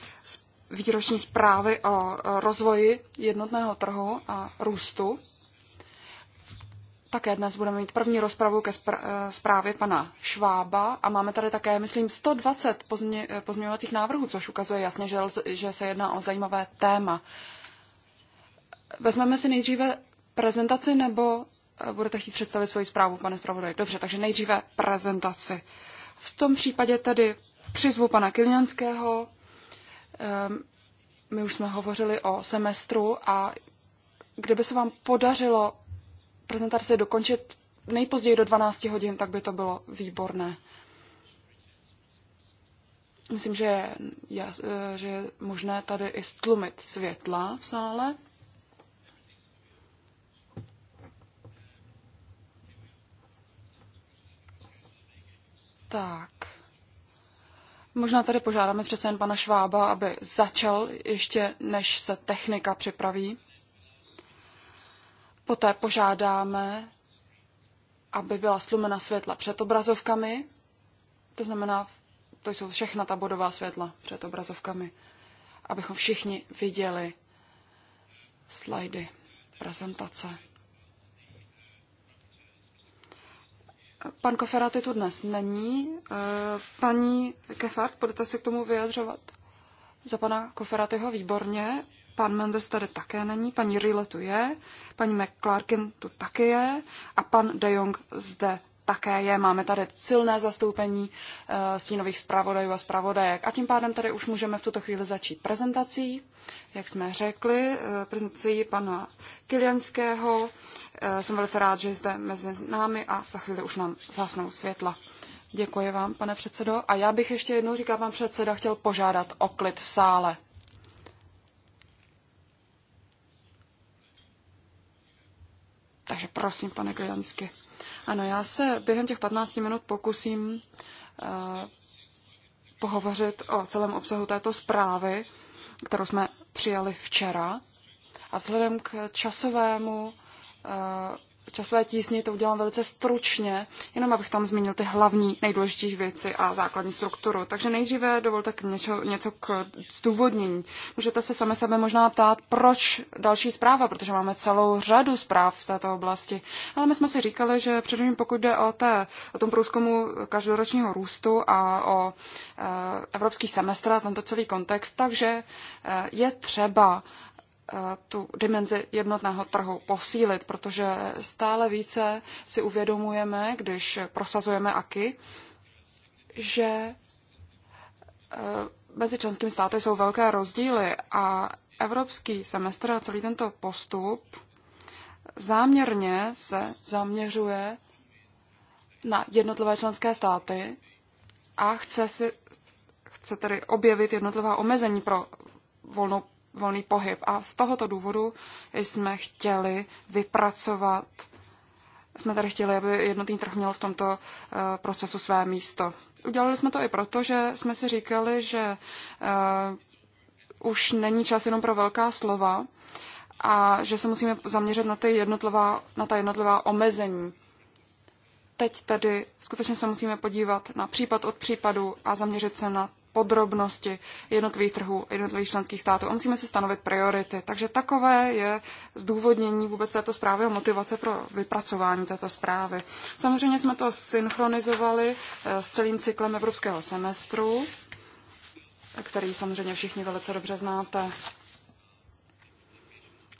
výroční zprávy o rozvoji jednotného trhu a růstu. Také dnes budeme mít první rozpravu ke e, zprávě pana Švába a máme tady také, myslím, 120 pozmě, e, pozměňovacích návrhů, což ukazuje jasně, že, že se jedná o zajímavé téma. Vezmeme si nejdříve prezentaci nebo budete chtít představit svoji zprávu, pane zpravodaj. Dobře, takže nejdříve prezentaci. V tom případě tedy přizvu pana Kilňanského. Ehm, my už jsme hovořili o semestru a kdyby se vám podařilo prezentaci dokončit nejpozději do 12 hodin, tak by to bylo výborné. Myslím, že je, že je možné tady i stlumit světla v sále. Tak. Možná tady požádáme přece jen pana Švába, aby začal ještě, než se technika připraví. Poté požádáme, aby byla slumena světla před obrazovkami. To znamená, to jsou všechna ta bodová světla před obrazovkami, abychom všichni viděli slajdy prezentace. Pan Koferaty tu dnes není. Eh, paní Kefart, budete se k tomu vyjadřovat? Za pana Koferatyho výborně. Pan Mendes tady také není, paní Rille tu je, paní McClarkin tu taky je a pan De Jong zde také je. Máme tady silné zastoupení eh, stínových zpravodajů a zpravodajek. A tím pádem tady už můžeme v tuto chvíli začít prezentací, jak jsme řekli, eh, prezentací pana Kilianského. Eh, jsem velice rád, že jste mezi námi a za chvíli už nám zásnou světla. Děkuji vám, pane předsedo. A já bych ještě jednou, říkal, pan předseda, chtěl požádat o klid v sále. Takže prosím, pane Kilianský. Ano, já se během těch 15 minut pokusím uh, pohovořit o celém obsahu této zprávy, kterou jsme přijali včera. A vzhledem k časovému uh, časové tísni to udělám velice stručně, jenom abych tam zmínil ty hlavní nejdůležitější věci a základní strukturu. Takže nejdříve dovolte k něco, něco k zdůvodnění. Můžete se sami sebe možná ptát, proč další zpráva, protože máme celou řadu zpráv v této oblasti. Ale my jsme si říkali, že především pokud jde o, té, o tom průzkumu každoročního růstu a o e, evropský semestr a tento celý kontext, takže e, je třeba Eh, tu dimenzi jednotného trhu posílit, protože stále více si uvědomujeme, když prosazujeme AKY, že eh, mezi členskými státy jsou velké rozdíly a evropský semestr a celý tento postup záměrně se zaměřuje na jednotlivé členské státy a chce, si, chce tedy objevit jednotlivá omezení pro volnou volný pohyb. A z tohoto důvodu jsme chtěli vypracovat, jsme tady chtěli, aby jednotný trh měl v tomto eh, procesu své místo. Udělali jsme to i proto, že jsme si říkali, že eh, už není čas jenom pro velká slova a že se musíme zaměřit na, ty jednotlivá, na ta jednotlivá omezení teď tedy skutečně se musíme podívat na případ od případu a zaměřit se na podrobnosti jednotlivých trhů, jednotlivých členských států. A musíme si stanovit priority. Takže takové je zdůvodnění vůbec této zprávy a motivace pro vypracování této zprávy. Samozřejmě jsme to synchronizovali eh, s celým cyklem evropského semestru, který samozřejmě všichni velice dobře znáte.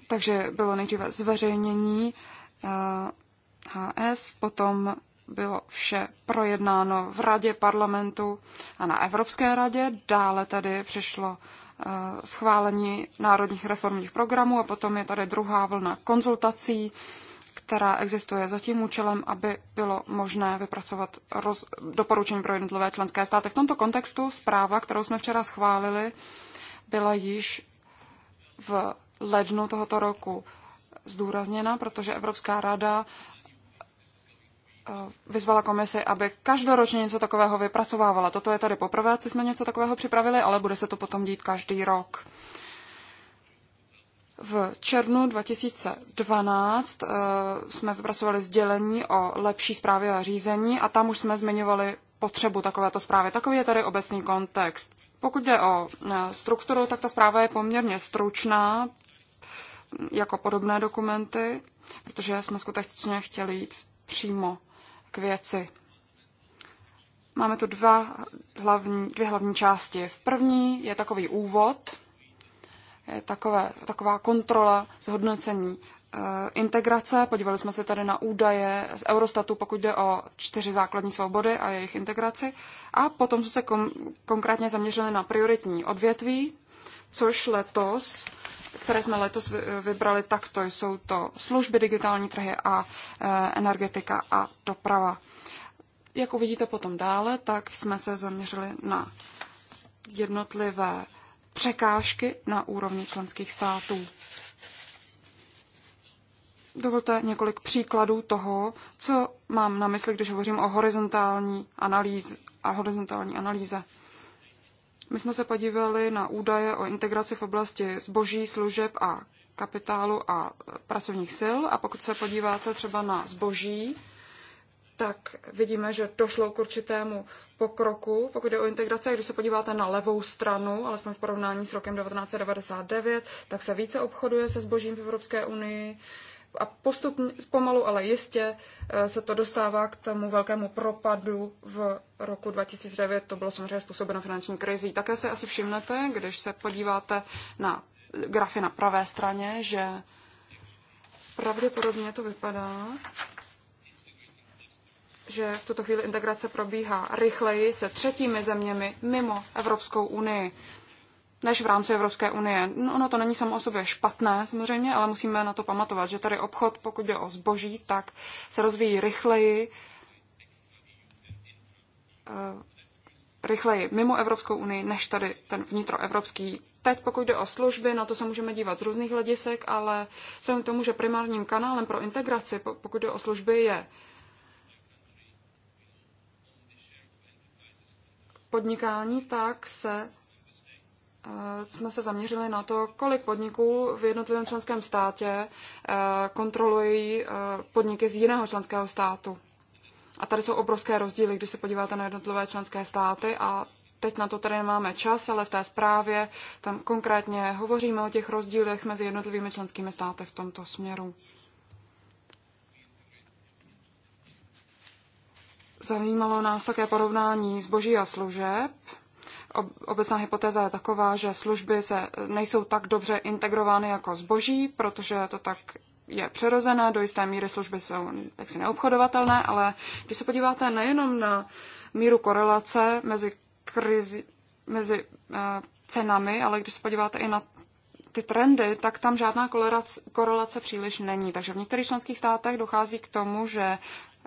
Takže bylo nejdříve zveřejnění HS, eh, potom bylo vše projednáno v Radě parlamentu a na Evropské radě. Dále tady přišlo eh, schválení národních reformních programů a potom je tady druhá vlna konzultací, která existuje za tím účelem, aby bylo možné vypracovat roz... doporučení pro jednotlivé členské státy. V tomto kontextu zpráva, kterou jsme včera schválili, byla již v lednu tohoto roku zdůrazněna, protože Evropská rada vyzvala komisi, aby každoročně něco takového vypracovávala. Toto je tady poprvé, co jsme něco takového připravili, ale bude se to potom dít každý rok. V červnu 2012 eh, jsme vypracovali sdělení o lepší zprávě a řízení a tam už jsme zmiňovali potřebu takovéto zprávy. Takový je tady obecný kontext. Pokud jde o eh, strukturu, tak ta zpráva je poměrně stručná, jako podobné dokumenty, protože jsme skutečně chtěli jít přímo k věci. Máme tu dva hlavní, dvě hlavní části. V první je takový úvod, je takové, taková kontrola zhodnocení eh, integrace. Podívali jsme se tady na údaje z Eurostatu, pokud jde o čtyři základní svobody a jejich integraci. A potom jsme se kom- konkrétně zaměřili na prioritní odvětví, což letos které jsme letos vybrali takto. Jsou to služby, digitální trhy a e, energetika a doprava. Jak uvidíte potom dále, tak jsme se zaměřili na jednotlivé překážky na úrovni členských států. Dovolte několik příkladů toho, co mám na mysli, když hovořím o horizontální analýze. A horizontální analýze. My jsme se podívali na údaje o integraci v oblasti zboží, služeb a kapitálu a pracovních sil. A pokud se podíváte třeba na zboží, tak vidíme, že došlo k určitému pokroku, pokud je o integraci. Když se podíváte na levou stranu, alespoň v porovnání s rokem 1999, tak se více obchoduje se zbožím v Evropské unii a postupně, pomalu, ale jistě eh, se to dostává k tomu velkému propadu v roku 2009. To bylo samozřejmě způsobeno finanční krizí. Také se asi všimnete, když se podíváte na grafy na pravé straně, že pravděpodobně to vypadá, že v tuto chvíli integrace probíhá rychleji se třetími zeměmi mimo Evropskou unii než v rámci Evropské unie. No, ono to není samo o sobě špatné samozřejmě, ale musíme na to pamatovat, že tady obchod, pokud jde o zboží, tak se rozvíjí rychleji, eh, rychleji mimo Evropskou unii, než tady ten vnitroevropský Teď pokud jde o služby, na to se můžeme dívat z různých hledisek, ale vzhledem k tomu, že primárním kanálem pro integraci, pokud jde o služby, je podnikání, tak se jsme se zaměřili na to, kolik podniků v jednotlivém členském státě eh, kontrolují eh, podniky z jiného členského státu. A tady jsou obrovské rozdíly, když se podíváte na jednotlivé členské státy a teď na to tady nemáme čas, ale v té zprávě tam konkrétně hovoříme o těch rozdílech mezi jednotlivými členskými státy v tomto směru. Zajímalo nás také porovnání zboží a služeb obecná hypotéza je taková, že služby se nejsou tak dobře integrovány jako zboží, protože to tak je přirozené, do jisté míry služby jsou jaksi neobchodovatelné, ale když se podíváte nejenom na míru korelace mezi, krizi, mezi uh, cenami, ale když se podíváte i na ty trendy, tak tam žádná korelace, korelace příliš není. Takže v některých členských státech dochází k tomu, že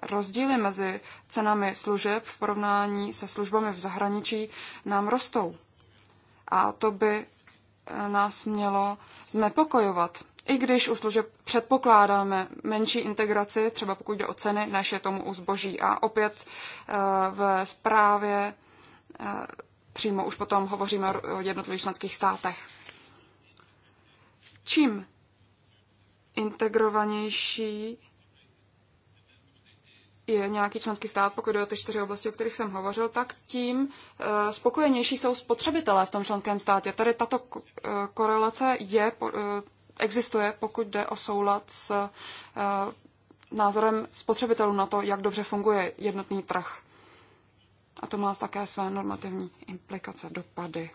rozdíly mezi cenami služeb v porovnání se službami v zahraničí nám rostou. A to by eh, nás mělo znepokojovat. I když u služeb předpokládáme menší integraci, třeba pokud jde o ceny, než je tomu u zboží. A opět eh, v zprávě eh, přímo už potom hovoříme o jednotlivých členských státech. Čím integrovanější je nějaký členský stát, pokud jde o ty čtyři oblasti, o kterých jsem hovořil, tak tím eh, spokojenější jsou spotřebitelé v tom členském státě. Tady tato eh, korelace je, eh, existuje, pokud jde o soulad s názorem spotřebitelů na to, jak dobře funguje jednotný trh. A to má také své normativní implikace, dopady.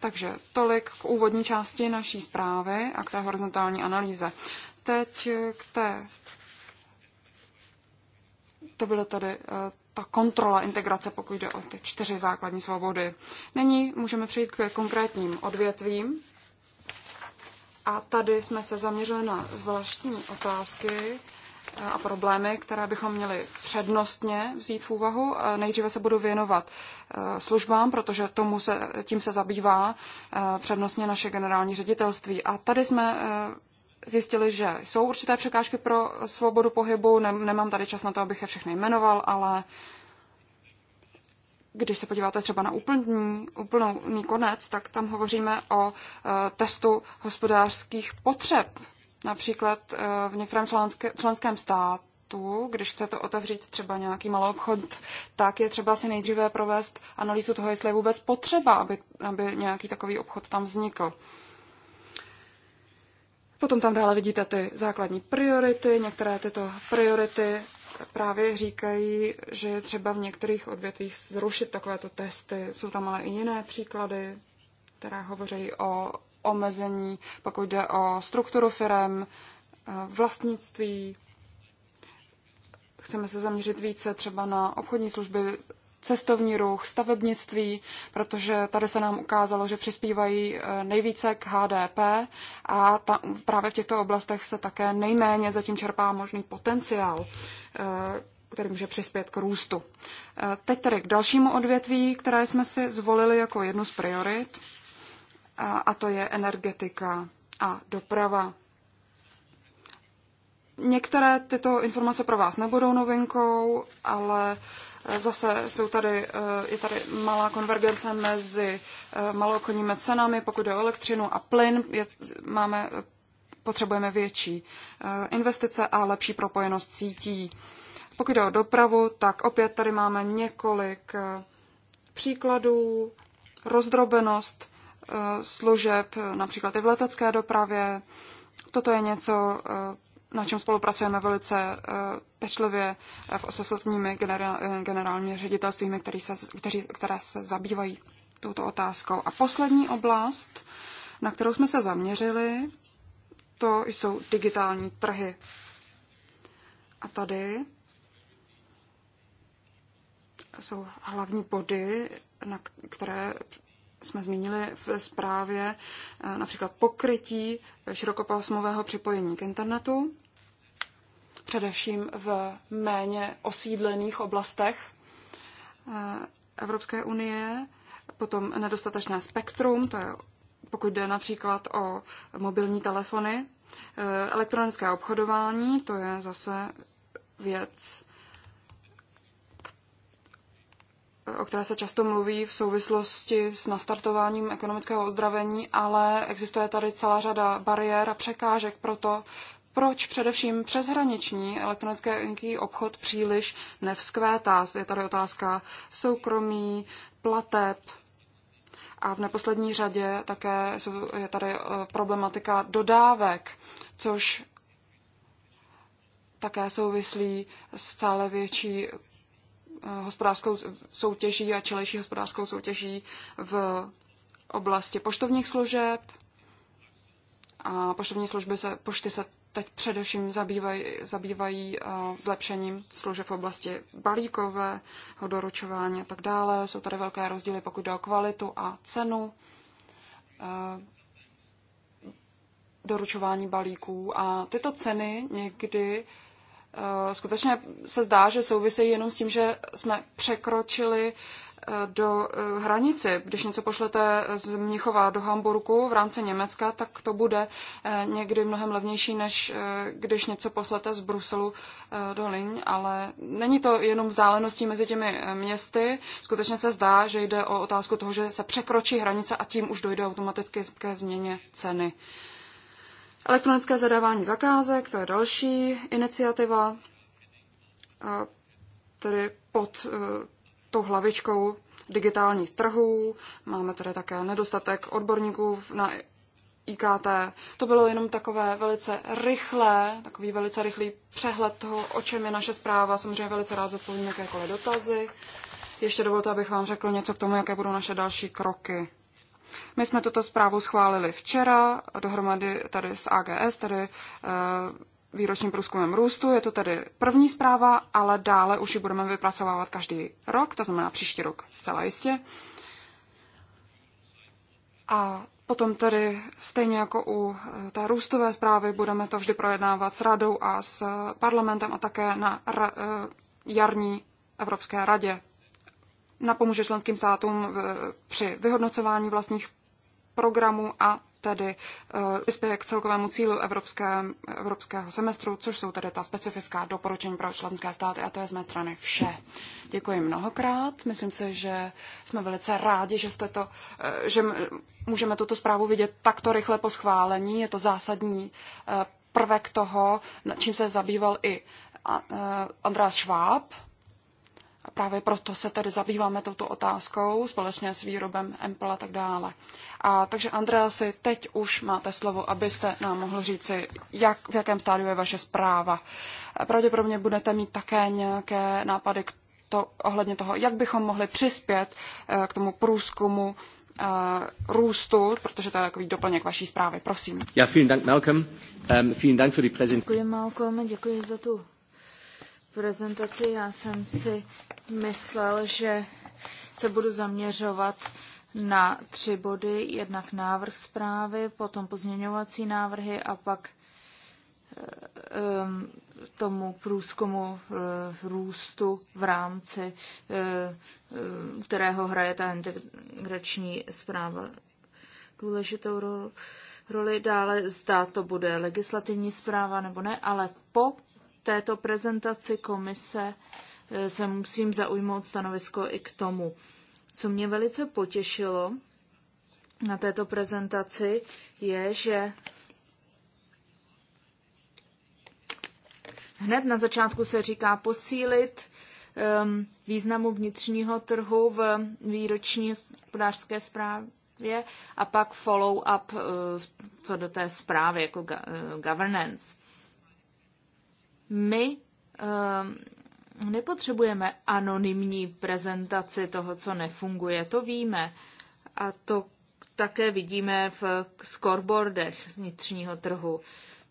Takže tolik k úvodní části naší zprávy a k té horizontální analýze. Teď k té to bylo tady eh, ta kontrola integrace, pokud jde o ty čtyři základní svobody. Nyní můžeme přejít k konkrétním odvětvím. A tady jsme se zaměřili na zvláštní otázky eh, a problémy, které bychom měli přednostně vzít v úvahu. Eh, nejdříve se budu věnovat službám, protože tomu se, tím se zabývá přednostně naše generální ředitelství. A tady jsme zjistili, že jsou určité překážky pro svobodu pohybu. Nemám tady čas na to, abych je všechny jmenoval, ale když se podíváte třeba na úplný, úplný konec, tak tam hovoříme o eh, testu hospodářských potřeb. Například eh, v některém členské, členském státu, když chcete otevřít třeba nějaký malý obchod, tak je třeba si nejdříve provést analýzu toho, jestli je vůbec potřeba, aby, aby nějaký takový obchod tam vznikl. Potom tam dále vidíte ty základní priority. Některé tyto priority právě říkají, že je třeba v některých odvětvích zrušit takovéto testy. Jsou tam ale i jiné příklady, které hovoří o omezení, pokud jde o strukturu firem, vlastnictví. Chceme se zaměřit více třeba na obchodní služby, cestovní ruch, stavebnictví, protože tady se nám ukázalo, že přispívají eh, nejvíce k HDP a ta, právě v těchto oblastech se také nejméně zatím čerpá možný potenciál eh, který může přispět k růstu. Eh, teď tedy k dalšímu odvětví, které jsme si zvolili jako jednu z priorit, a to je energetika a doprava. Některé tyto informace pro vás nebudou novinkou, ale Zase jsou tady, eh, je tady malá konvergence mezi eh, malokonními cenami, pokud jde o elektřinu a plyn. Je, máme, potřebujeme větší eh, investice a lepší propojenost sítí. Pokud jde o dopravu, tak opět tady máme několik příkladů. Rozdrobenost služeb, například i v letecké dopravě. Toto je něco, na čem spolupracujeme velice eh, pečlivě eh, s ostatními generál, eh, generálními ředitelstvími, který se, kteří, které se zabývají touto otázkou. A poslední oblast, na kterou jsme se zaměřili, to jsou digitální trhy. A tady jsou hlavní body, na které jsme zmínili v zprávě, eh, například pokrytí širokopásmového připojení k internetu, především v méně osídlených oblastech eh, Evropské unie, potom nedostatečné spektrum, to je pokud jde například o mobilní telefony, eh, elektronické obchodování, to je zase věc, o které se často mluví v souvislosti s nastartováním ekonomického ozdravení, ale existuje tady celá řada bariér a překážek pro to, proč především přeshraniční elektronický obchod příliš nevzkvétá. Je tady otázka soukromí, plateb, a v neposlední řadě také je tady eh, problematika dodávek, což také souvislí s celé větší Eh, hospodářskou soutěží a čelejší hospodářskou soutěží v oblasti poštovních služeb. A poštovní služby se, pošty se teď především zabývají, zabývají eh, zlepšením služeb v oblasti balíkové, doručování a tak dále. Jsou tady velké rozdíly, pokud jde o kvalitu a cenu eh, doručování balíků. A tyto ceny někdy Eh, skutečně se zdá, že souvisejí jenom s tím, že jsme překročili eh, do eh, hranici. Když něco pošlete z Mnichova do Hamburgu v rámci Německa, tak to bude někdy mnohem levnější, než když něco pošlete z Bruselu do Liň, ale není to jenom vzdáleností mezi těmi městy. Skutečně se zdá, že jde o otázku toho, že se překročí hranice a tím už dojde automaticky ke změně ceny. Elektronické zadávání zakázek, to je další iniciativa, tedy pod e, tou hlavičkou digitálních trhů. Máme tady také nedostatek odborníků na IKT. To bylo jenom takové velice rychlé, takový velice rychlý přehled toho, o čem je naše zpráva. Samozřejmě velice rád zodpovím jakékoliv dotazy. Ještě dovolte, abych vám řekl něco k tomu, jaké budou naše další kroky. My jsme tuto zprávu schválili včera, dohromady tady s AGS, tady eh, výročním průzkumem růstu. Je to tedy první zpráva, ale dále už ji budeme vypracovávat každý rok, to znamená příští rok zcela jistě. A potom tedy stejně jako u eh, té růstové zprávy budeme to vždy projednávat s radou a s eh, parlamentem a také na jarní Evropské radě napomůže členským státům v, při vyhodnocování vlastních programů a tedy eh, přispěje k celkovému cílu evropské, evropského semestru, což jsou tedy ta specifická doporučení pro členské státy a to je z mé strany vše. Děkuji mnohokrát. Myslím si, že jsme velice rádi, že jste to, eh, že můžeme tuto zprávu vidět takto rychle po schválení. Je to zásadní eh, prvek toho, čím se zabýval i András Šváb, a právě proto se tedy zabýváme touto otázkou společně s výrobem Empel a tak dále. A takže Andreasi, teď už máte slovo, abyste nám mohl říci, jak, v jakém stádiu je vaše zpráva. Pravděpodobně budete mít také nějaké nápady k to, ohledně toho, jak bychom mohli přispět eh, k tomu průzkumu eh, růstu, protože to je takový doplněk vaší zprávy. Prosím.
Ja, vielen Dank, Malcolm. Um, vielen Dank für die Děkuji,
Malcolm,
děkuji za tu prezentaci. Já jsem si myslel, že se budu zaměřovat na tři body. Jednak návrh zprávy, potom pozměňovací návrhy a pak eh, eh, tomu průzkumu eh, růstu v rámci, kterého hraje ta integrační zpráva důležitou roli. Dále zda to bude legislativní zpráva nebo ne, ale po této prezentaci komise eh, se musím zaujmout stanovisko i k tomu. Co mě velice potěšilo na této prezentaci je, že hned na začátku se říká posílit um, významu vnitřního trhu v výroční hospodářské zprávě a pak follow-up uh, eh, co do té zprávy jako eh, governance. My um, nepotřebujeme anonymní prezentaci toho, co nefunguje, to víme. A to také vidíme v scoreboardech z vnitřního trhu.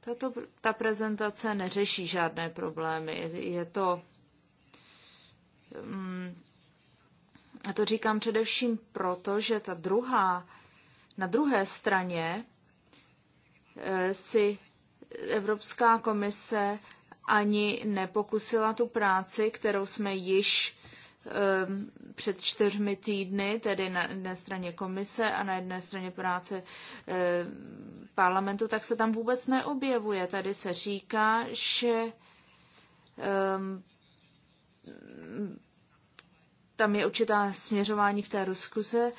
Tato, ta prezentace neřeší žádné problémy. Je to. Um, a to říkám především proto, že ta druhá, na druhé straně eh, si Evropská komise ani nepokusila tu práci, kterou jsme již ehm, před čtyřmi týdny, tedy na jedné straně komise a na jedné straně práce ehm, parlamentu, tak se tam vůbec neobjevuje. Tady se říká, že ehm, tam je určitá směřování v té diskuze,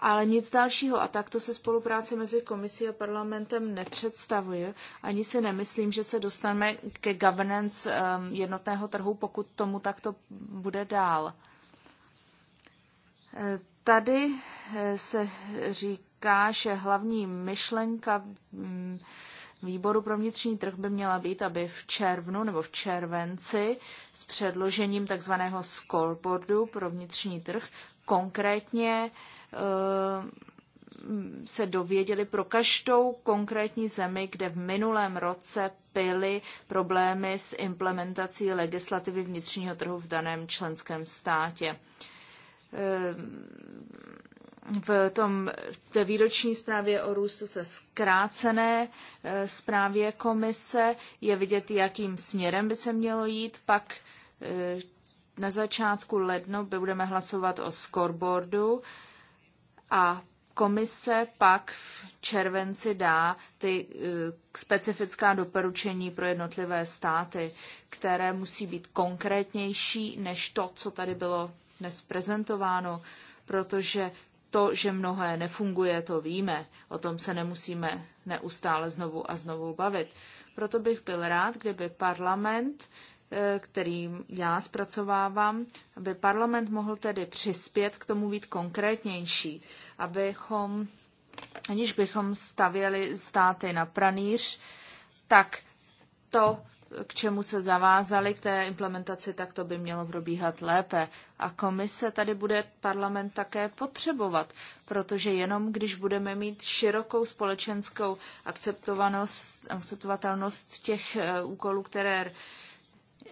ale nic dalšího. A takto se spolupráce mezi komisí a parlamentem nepředstavuje. Ani si nemyslím, že se dostaneme ke governance um, jednotného trhu, pokud tomu takto bude dál. Eh, tady eh, se říká, že hlavní myšlenka mm, výboru pro vnitřní trh by měla být, aby v červnu nebo v červenci s předložením takzvaného scoreboardu pro vnitřní trh konkrétně Eh, se dověděli pro každou konkrétní zemi, kde v minulém roce byly problémy s implementací legislativy vnitřního trhu v daném členském státě. Eh, v, tom, v té výroční zprávě o růstu, té zkrácené eh, zprávě komise, je vidět, jakým směrem by se mělo jít. Pak na začátku ledna budeme hlasovat o scoreboardu, a komise pak v červenci dá ty eh, specifická doporučení pro jednotlivé státy, které musí být konkrétnější než to, co tady bylo dnes prezentováno, protože to, že mnohé nefunguje, to víme. O tom se nemusíme neustále znovu a znovu bavit. Proto bych byl rád, kdyby parlament Eh, který já zpracovávám, aby parlament mohl tedy přispět k tomu být konkrétnější, abychom, aniž bychom stavěli státy na pranýř, tak to, k čemu se zavázali k té implementaci, tak to by mělo probíhat lépe. A komise tady bude parlament také potřebovat, protože jenom když budeme mít širokou společenskou akceptovanost, akceptovatelnost těch eh, úkolů, které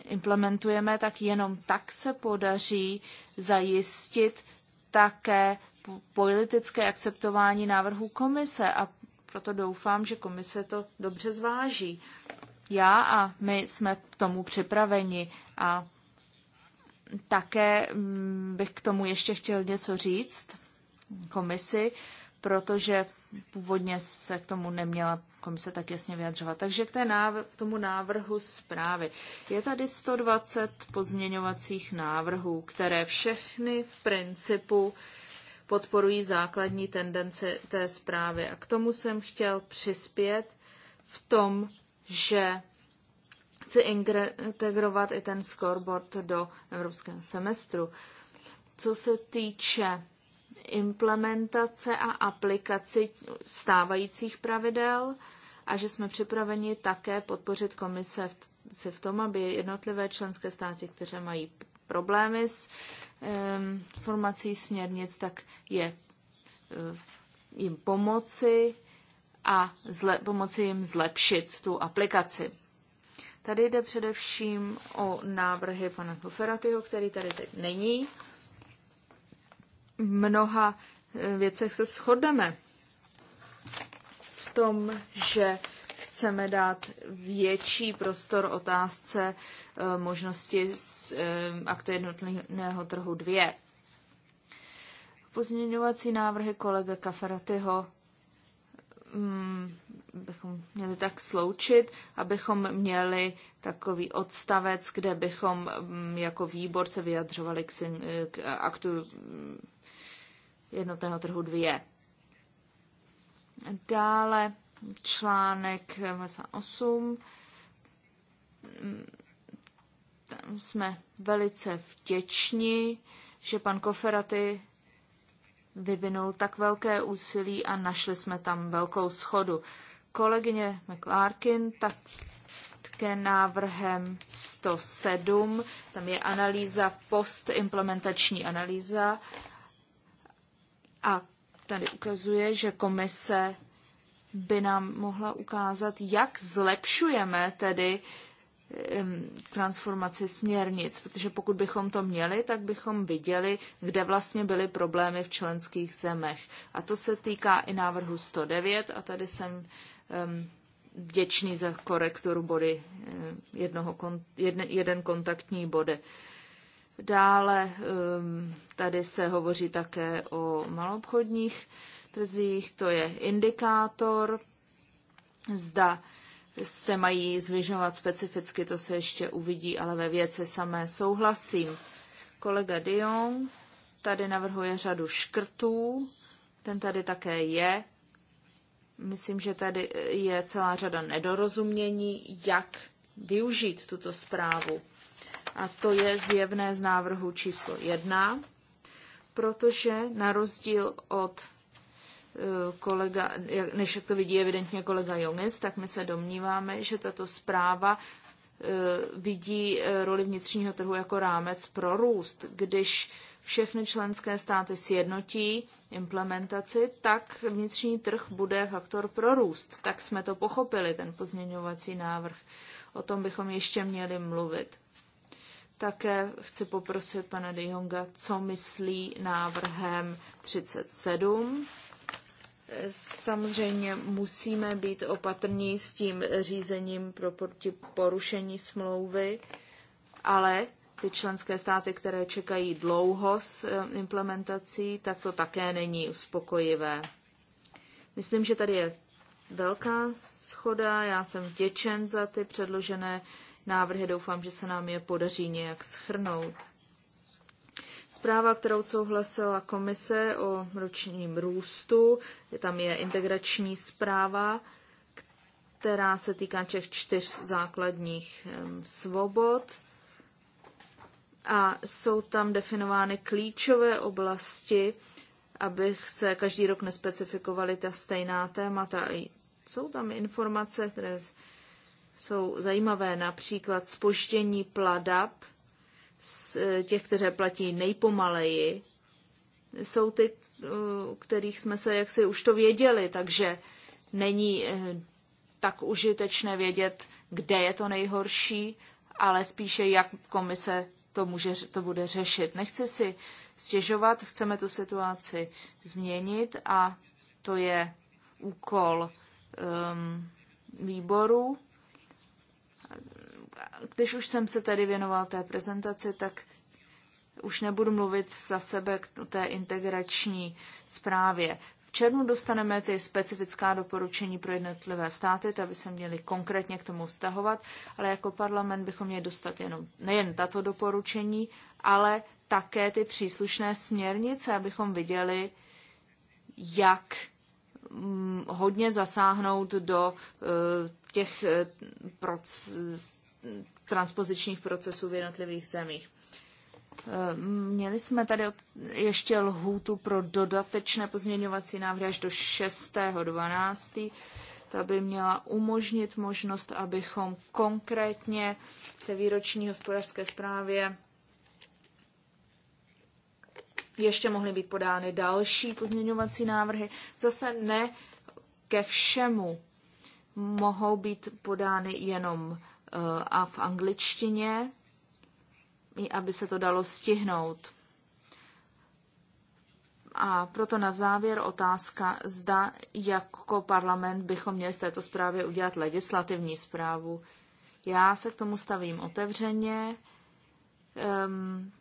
implementujeme, tak jenom tak se podaří zajistit také politické akceptování návrhů komise a proto doufám, že komise to dobře zváží. Já a my jsme k tomu připraveni a také mm, bych k tomu ještě chtěl něco říct komisi, protože původně se k tomu neměla komise tak jasně vyjadřovat. Takže k, té návr- k tomu návrhu zprávy. Je tady 120 pozměňovacích návrhů, které všechny v principu podporují základní tendence té zprávy. A k tomu jsem chtěl přispět v tom, že chci integrovat i ten scoreboard do evropského semestru. Co se týče implementace a aplikaci stávajících pravidel a že jsme připraveni také podpořit komise si v tom, aby jednotlivé členské státy, které mají problémy s formací směrnic, tak je eh, jim pomoci a zle, pomoci jim zlepšit tu aplikaci. Tady jde především o návrhy pana Koferatyho, který tady teď není mnoha eh, věcech se shodneme. V tom, že chceme dát větší prostor otázce eh, možnosti z eh, aktu jednotného trhu 2. Pozměňovací návrhy kolega Kafaratyho, mm, bychom měli tak sloučit, abychom měli takový odstavec, kde bychom mm, jako výbor se vyjadřovali k, aktu jednotného trhu dvě. Dále článek 8. Tam jsme velice vděční, že pan Koferaty vyvinul tak velké úsilí a našli jsme tam velkou schodu. Kolegyně McLarkin tak ke návrhem 107, tam je analýza, postimplementační analýza a tady ukazuje, že komise by nám mohla ukázat, jak zlepšujeme tedy transformaci směrnic, protože pokud bychom to měli, tak bychom viděli, kde vlastně byly problémy v členských zemech. A to se týká i návrhu 109 a tady jsem vděčný za korekturu body eh, jednoho, jeden kontaktní body. Dále ehm, tady se hovoří také o malobchodních trzích, to je indikátor, zda se mají zvyžovat specificky, to se ještě uvidí, ale ve věci samé souhlasím. Kolega Dion tady navrhuje řadu škrtů, ten tady také je. Myslím, že tady je celá řada nedorozumění, jak využít tuto zprávu. A to je zjevné z návrhu číslo 1, protože na rozdíl od e, kolega, než jak to vidí evidentně kolega Jomis, tak my se domníváme, že tato zpráva e, vidí e, roli vnitřního trhu jako rámec pro růst. Když všechny členské státy sjednotí implementaci, tak vnitřní trh bude faktor pro růst. Tak jsme to pochopili, ten pozměňovací návrh. O tom bychom ještě měli mluvit. Také chci poprosit pana De Jonga, co myslí návrhem 37. Samozřejmě musíme být opatrní s tím řízením pro porušení smlouvy, ale ty členské státy, které čekají dlouho s eh, implementací, tak to také není uspokojivé. Myslím, že tady je velká schoda. Já jsem vděčen za ty předložené návrhy. Doufám, že se nám je podaří nějak schrnout. Zpráva, kterou souhlasila komise o ročním růstu, je tam je integrační zpráva, která se týká těch čtyř základních svobod. A jsou tam definovány klíčové oblasti, abych se každý rok nespecifikovaly ta stejná témata. Jsou tam informace, které jsou zajímavé, například spoštění pladab z eh, těch, kteří platí nejpomaleji, jsou ty, eh, kterých jsme se jaksi už to věděli, takže není eh, tak užitečné vědět, kde je to nejhorší, ale spíše jak komise to, může, to bude řešit. Nechci si stěžovat, chceme tu situaci změnit a to je úkol um, výboru když už jsem se tedy věnoval té prezentaci, tak už nebudu mluvit za sebe k té integrační zprávě. V červnu dostaneme ty specifická doporučení pro jednotlivé státy, aby se měly konkrétně k tomu vztahovat, ale jako parlament bychom měli dostat jenom, nejen tato doporučení, ale také ty příslušné směrnice, abychom viděli, jak Mm, hodně zasáhnout do eh, těch eh, transpozičních procesů v jednotlivých zemích. Eh, měli jsme tady ještě lhůtu pro dodatečné pozměňovací návrhy až do 6.12. Ta by měla umožnit možnost, abychom konkrétně té výroční hospodářské zprávě ještě mohly být podány další pozměňovací návrhy. Zase ne ke všemu mohou být podány jenom eh, a v angličtině, aby se to dalo stihnout. A proto na závěr otázka, zda jako parlament bychom měli z této zprávy udělat legislativní zprávu. Já se k tomu stavím otevřeně. Um,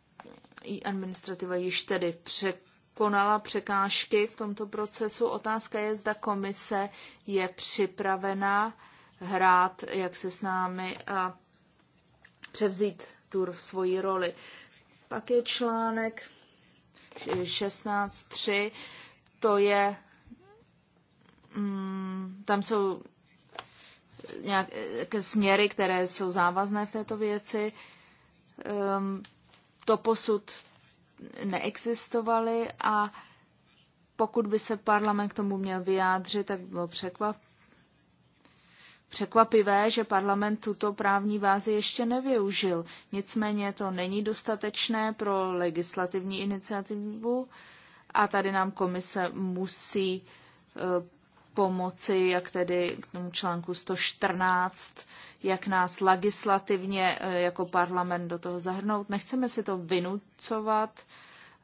i administrativa již tedy překonala překážky v tomto procesu. Otázka je, zda komise je připravena hrát, jak se s námi a převzít tu svoji roli. Pak je článek 16.3, to je, mm, tam jsou nějaké směry, které jsou závazné v této věci. Um, to posud neexistovaly a pokud by se parlament k tomu měl vyjádřit, tak by bylo překvap... překvapivé, že parlament tuto právní vázi ještě nevyužil. Nicméně to není dostatečné pro legislativní iniciativu a tady nám komise musí eh, pomoci, jak tedy k tomu článku 114, jak nás legislativně eh, jako parlament do toho zahrnout. Nechceme si to vynucovat,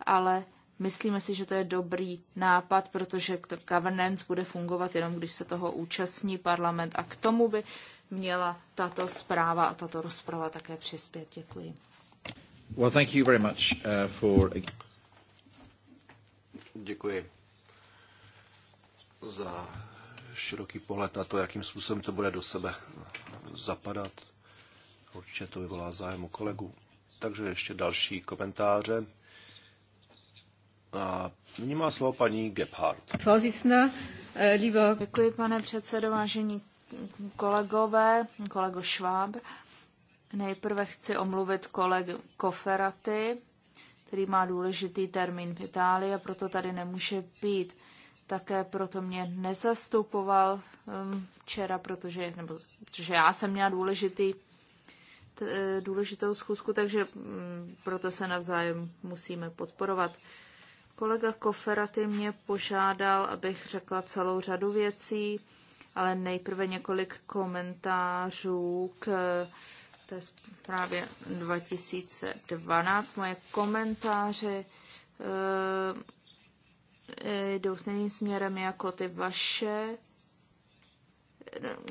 ale myslíme si, že to je dobrý nápad, protože governance bude fungovat jenom, když se toho účastní parlament a k tomu by měla tato zpráva a tato rozprava také přispět. Děkuji.
Well, thank you very much, uh, for... Děkuji za široký pohled na to, jakým způsobem to bude do sebe zapadat. Určitě to vyvolá zájem u kolegů. Takže ještě další komentáře. A nyní má slovo paní Gebhardt.
Eh, Děkuji, pane předsedo, vážení kolegové, kolego Šváb. Nejprve chci omluvit koleg Koferaty, který má důležitý termín v Itálii a proto tady nemůže být. Také proto mě nezastupoval um, včera, protože, nebo, protože já jsem měla důležitý, t, eh, důležitou schůzku, takže mm, proto se navzájem musíme podporovat. Kolega Koferaty mě požádal, abych řekla celou řadu věcí, ale nejprve několik komentářů k eh, té zprávě 2012. Moje komentáře eh, Eh, jdou stejným směrem jako ty vaše.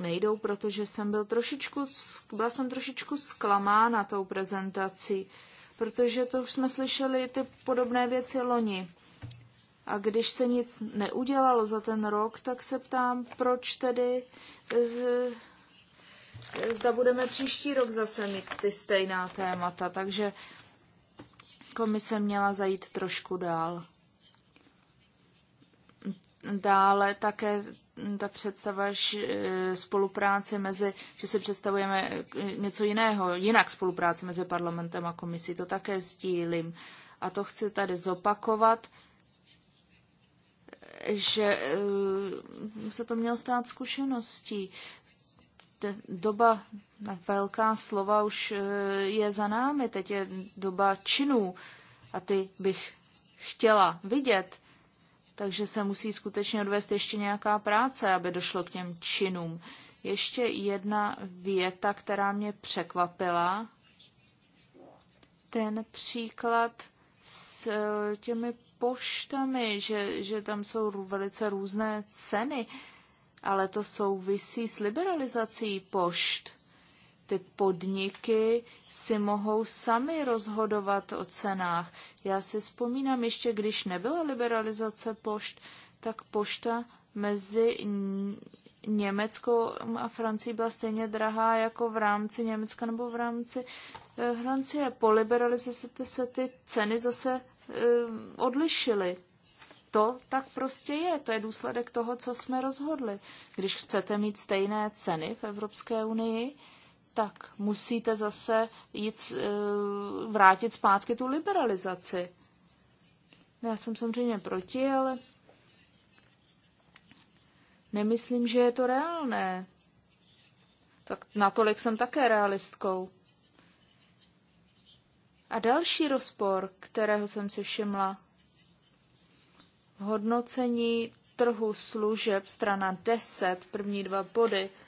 Nejdou, protože jsem byl trošičku, byla jsem trošičku zklamána tou prezentací, protože to už jsme slyšeli ty podobné věci loni. A když se nic neudělalo za ten rok, tak se ptám, proč tedy zda budeme příští rok zase mít ty stejná témata. Takže komise měla zajít trošku dál. Dále také ta představa e, spolupráce mezi, že si představujeme e, něco jiného, jinak spolupráce mezi parlamentem a komisí, to také sdílím. A to chci tady zopakovat, že e, se to mělo stát zkušeností. Doba na velká slova už je za námi, teď je doba činů a ty bych chtěla vidět takže se musí skutečně odvést ještě nějaká práce, aby došlo k těm činům. Ještě jedna věta, která mě překvapila. Ten příklad s eh, těmi poštami, že, že tam jsou velice různé ceny, ale to souvisí s liberalizací pošt ty podniky si mohou sami rozhodovat o cenách. Já si vzpomínám ještě, když nebyla liberalizace pošt, tak pošta mezi Německou a Francii byla stejně drahá jako v rámci Německa nebo v rámci eh, Francie. Po liberalizaci se ty ceny zase eh, odlišily. To tak prostě je. To je důsledek toho, co jsme rozhodli. Když chcete mít stejné ceny v Evropské unii, tak musíte zase jít, e, vrátit zpátky tu liberalizaci. No, já jsem samozřejmě proti, ale nemyslím, že je to reálné. Tak natolik jsem také realistkou. A další rozpor, kterého jsem si všimla, hodnocení trhu služeb, strana 10, první dva body –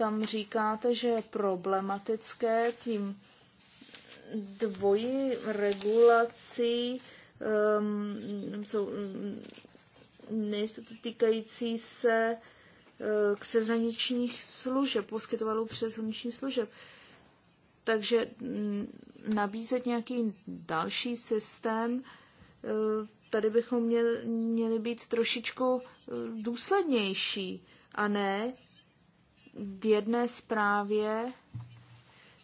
tam říkáte, že je problematické tím dvojí regulací um, jsou mm, nejistoty týkající se uh, přeshraničních služeb, poskytovatelů přeshraničních služeb. Takže mm, nabízet nějaký další systém, eh, tady bychom měli, měli být trošičku eh, důslednější a ne v jedné zprávě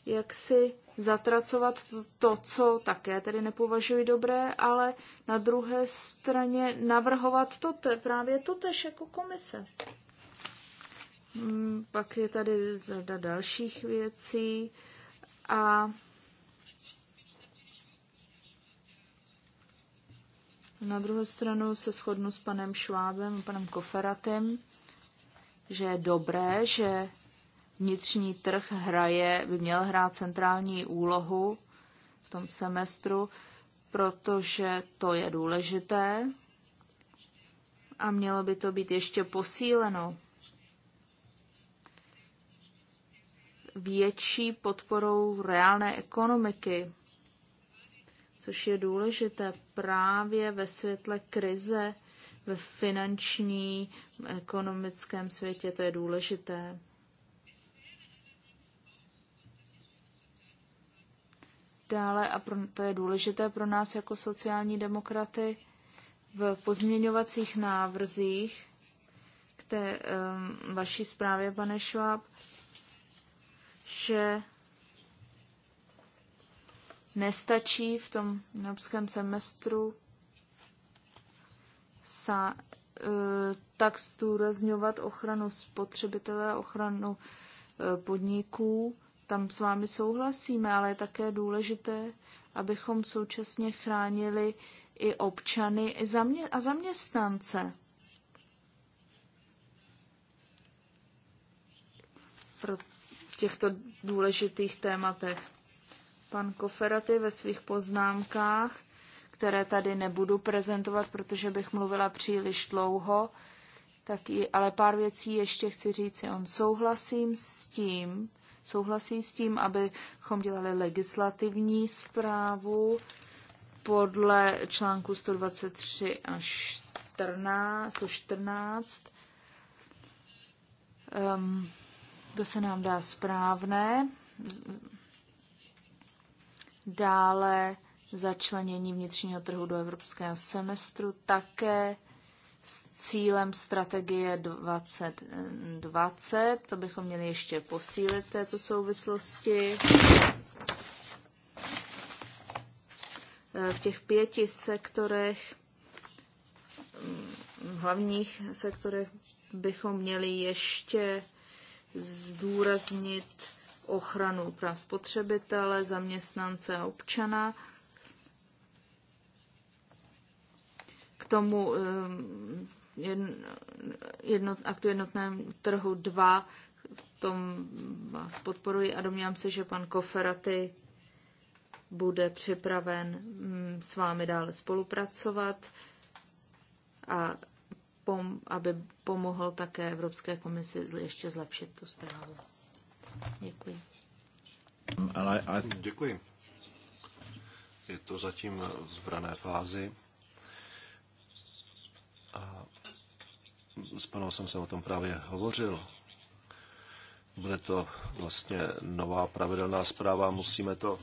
jak si zatracovat to, co také tedy nepovažuji dobré, ale na druhé straně navrhovat to, te, právě to tež jako komise. Hmm, pak je tady řada dalších věcí a na druhou stranu se shodnu s panem Švábem a panem Koferatem že je dobré, že vnitřní trh hraje, by měl hrát centrální úlohu v tom semestru, protože to je důležité a mělo by to být ještě posíleno větší podporou reálné ekonomiky, což je důležité právě ve světle krize ve finanční, ekonomickém světě, to je důležité. Dále, a pro, to je důležité pro nás jako sociální demokraty, v pozměňovacích návrzích k té um, vaší zprávě, pane Schwab, že nestačí v tom evropském semestru sa, e, tak zdůrazňovat ochranu spotřebitele, ochranu e, podniků. Tam s vámi souhlasíme, ale je také důležité, abychom současně chránili i občany i zamě- a zaměstnance. Pro těchto důležitých tématech. Pan je ve svých poznámkách které tady nebudu prezentovat, protože bych mluvila příliš dlouho. i, ale pár věcí ještě chci říct. On souhlasím s tím, souhlasí s tím, abychom dělali legislativní zprávu podle článku 123 až 14, 114. Um, to se nám dá správné. Dále začlenění vnitřního trhu do evropského semestru, také s cílem strategie 2020. To bychom měli ještě posílit v této souvislosti. E, v těch pěti sektorech, hlavních sektorech, bychom měli ještě zdůraznit ochranu práv spotřebitele, zaměstnance a občana tomu ehm, jedno, aktu jednotném trhu 2. V tom vás podporuji a domnívám se, že pan Koferaty bude připraven mm, s vámi dále spolupracovat a pom, aby pomohl také Evropské komisi ještě zlepšit tu zprávu.
Děkuji. Ale, ale... Děkuji. Je to zatím v rané fázi. A s panou jsem se o tom právě hovořil. Bude to vlastně nová pravidelná zpráva, musíme to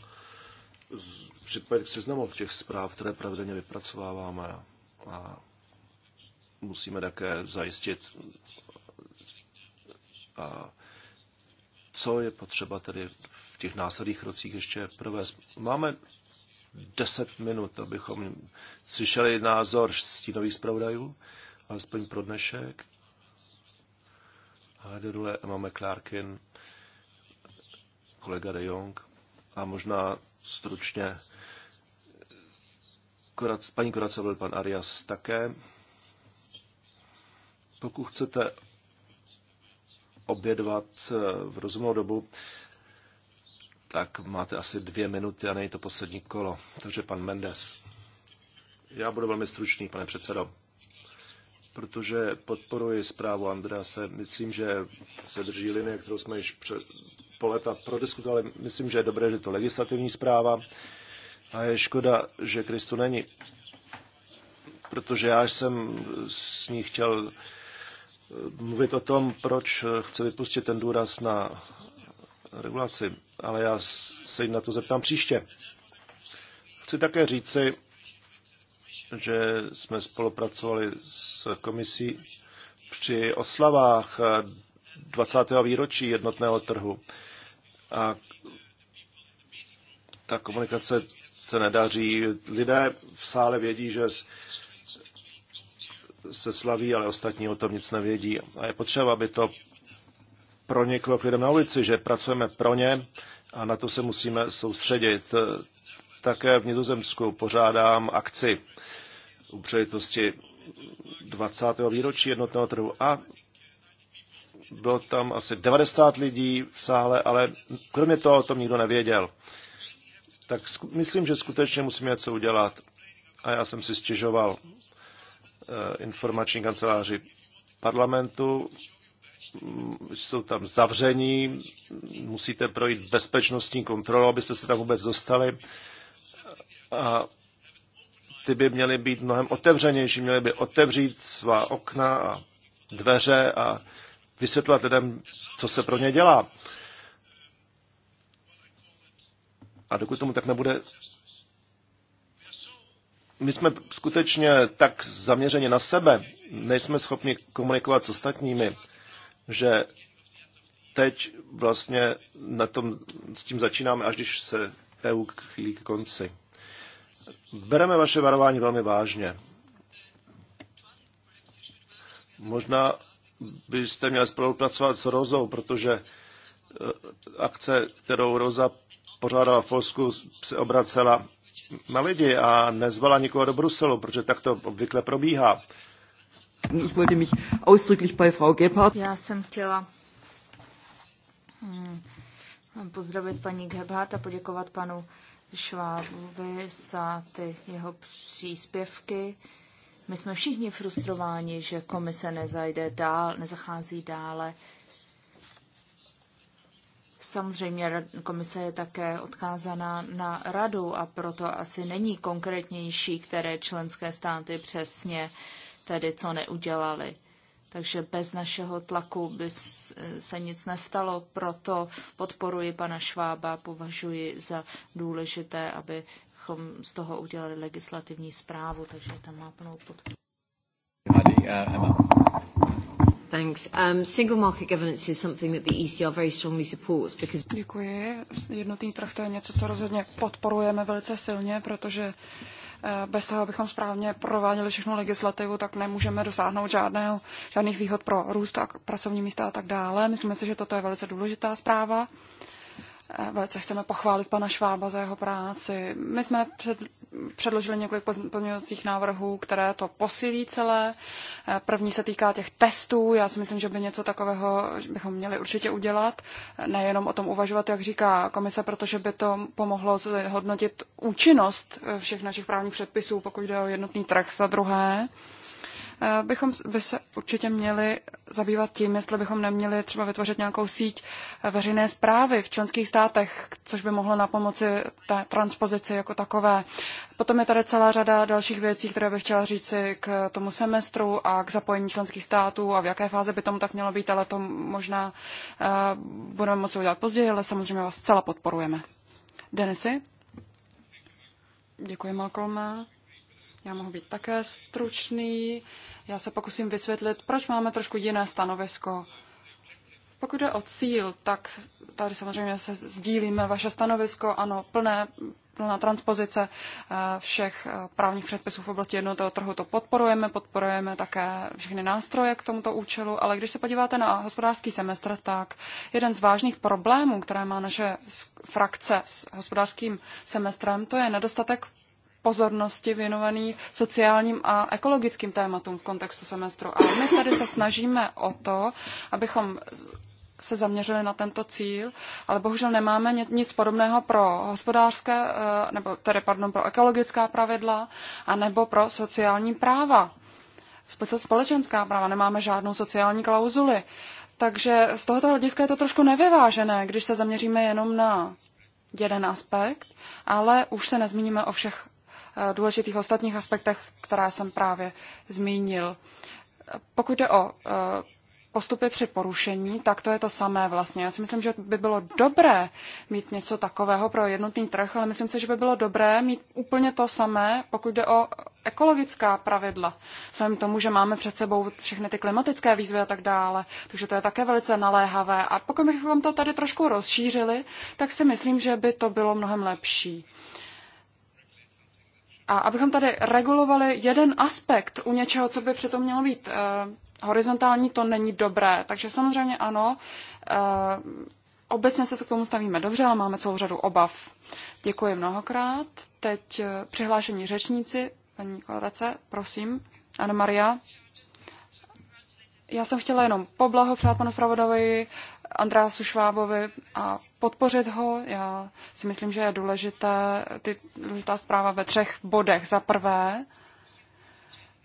připojit k seznamu těch zpráv, které pravidelně vypracováváme a musíme také zajistit, a co je potřeba tedy v těch následných rocích ještě prvé. Máme 10 minut, abychom slyšeli názor stínových zpravodajů, alespoň pro dnešek. A do dole Emma McClarkin, kolega de Jong a možná stručně Korac, paní Korace byl pan Arias také. Pokud chcete obědvat eh, v rozumnou dobu, tak máte asi dvě minuty a není to poslední kolo. Takže pan Mendes. Já budu velmi stručný, pane předsedo. Protože podporuji zprávu Andrease. Myslím, že se drží linie, kterou jsme již před, po leta prodiskutovali. Myslím, že je dobré, že je to legislativní zpráva. A je škoda, že Kristu není. Protože já jsem s ní chtěl eh, mluvit o tom, proč eh, chce vypustit ten důraz na regulaci ale já se jim na to zeptám příště. Chci také říci, že jsme spolupracovali s komisí při oslavách 20. výročí jednotného trhu. A ta komunikace se nedaří. Lidé v sále vědí, že se slaví, ale ostatní o tom nic nevědí. A je potřeba, aby to proniklo k lidem na ulici, že pracujeme pro ně a na to se musíme soustředit. Také v Nizozemsku pořádám akci u příležitosti 20. výročí jednotného trhu a bylo tam asi 90 lidí v sále, ale kromě toho o tom nikdo nevěděl. Tak myslím, že skutečně musíme něco udělat. A já jsem si stěžoval eh, informační kanceláři parlamentu, jsou tam zavření, musíte projít bezpečnostní kontrolu, abyste se tam vůbec dostali. A ty by měly být mnohem otevřenější, měly by otevřít svá okna a dveře a vysvětlovat lidem, co se pro ně dělá. A dokud tomu tak nebude, my jsme skutečně tak zaměřeni na sebe, nejsme schopni komunikovat s ostatními že teď vlastně na tom, s tím začínáme, až když se EU chýlí k konci. Bereme vaše varování velmi vážně. Možná byste měli spolupracovat s Rozou, protože eh, akce, kterou Roza pořádala v Polsku, se obracela na lidi a nezvala nikoho do Bruselu, protože tak to obvykle probíhá. Ich wollte mich ausdrücklich bei Frau Gebhardt.
Já jsem chtěla hmm, pozdravit paní Gebhardt a poděkovat panu Švábovi za ty jeho příspěvky. My jsme všichni frustrováni, že komise nezajde dál, nezachází dále. Samozřejmě komise je také odkázaná na radu a proto asi není konkrétnější, které členské státy přesně uh, tedy, co neudělali. Takže bez našeho tlaku by se nic nestalo, proto podporuji pana Švába, považuji za důležité, abychom z toho udělali legislativní zprávu, takže tam má
plnou podporu. Eh, Thanks. Um, single market
governance is something that the ECR very strongly supports because...
Děkuji. Jednotný trh to je něco, co rozhodně podporujeme velice silně, protože uh, Eh, bez toho, abychom správně prováděli všechnu legislativu, tak nemůžeme dosáhnout žádného, žádných výhod pro růst a pracovní místa a tak dále. Myslím si, že toto je velice důležitá zpráva. Eh, velice chceme pochválit pana Švába za jeho práci. My jsme před, předložili několik pozměňovacích návrhů, které to posilí celé. Eh, první se týká těch testů. Já si myslím, že by něco takového bychom měli určitě udělat. Eh, nejenom o tom uvažovat, jak říká komise, protože by to pomohlo hodnotit účinnost všech našich právních předpisů, pokud jde o jednotný trh za druhé. Eh, bychom by se určitě měli zabývat tím, jestli bychom neměli třeba vytvořit nějakou síť eh, veřejné zprávy v členských státech, což by mohlo na pomoci té transpozici jako takové. Potom je tady celá řada dalších věcí, které bych chtěla říci k tomu semestru a k zapojení členských států a v jaké fáze by tomu tak mělo být, ale to možná eh, budeme moci udělat později, ale samozřejmě vás celá podporujeme. Denisy? Děkuji, Malcolma. Já mohu být také stručný. Já se pokusím vysvětlit, proč máme trošku jiné stanovisko. Pokud jde o cíl, tak tady samozřejmě se sdílíme vaše stanovisko, ano, plné, plná transpozice eh, všech eh, právních předpisů v oblasti jednotého trhu to podporujeme, podporujeme také všechny nástroje k tomuto účelu, ale když se podíváte na hospodářský semestr, tak jeden z vážných problémů, které má naše frakce s hospodářským semestrem, to je nedostatek pozornosti věnovaný sociálním a ekologickým tématům v kontextu semestru. A my tady se snažíme o to, abychom se zaměřili na tento cíl, ale bohužel nemáme nic podobného pro hospodářské, eh, nebo tedy, pardon, pro ekologická pravidla, anebo pro sociální práva. Společenská práva, nemáme žádnou sociální klauzuli. Takže z tohoto hlediska je to trošku nevyvážené, když se zaměříme jenom na jeden aspekt, ale už se nezmíníme o všech důležitých ostatních aspektech, které jsem právě zmínil. Pokud jde o eh, postupy při porušení, tak to je to samé vlastně. Já si myslím, že by bylo dobré mít něco takového pro jednotný trh, ale myslím si, že by bylo dobré mít úplně to samé, pokud jde o ekologická pravidla. Vzhledem tomu, že máme před sebou všechny ty klimatické výzvy a tak dále, takže to je také velice naléhavé. A pokud bychom to tady trošku rozšířili, tak si myslím, že by to bylo mnohem lepší. A abychom tady regulovali jeden aspekt u něčeho, co by přitom mělo být uh, horizontální, to není dobré. Takže samozřejmě ano, uh, obecně se k tomu stavíme dobře, ale máme celou řadu obav. Děkuji mnohokrát. Teď uh, přihlášení řečníci. Paní Kolorace, prosím. Ana Maria. Já jsem chtěla jenom poblahopřát panu zpravodaji Andrásu Švábovi a podpořit ho. Já si myslím, že je důležité, ty, důležitá zpráva ve třech bodech. Za prvé,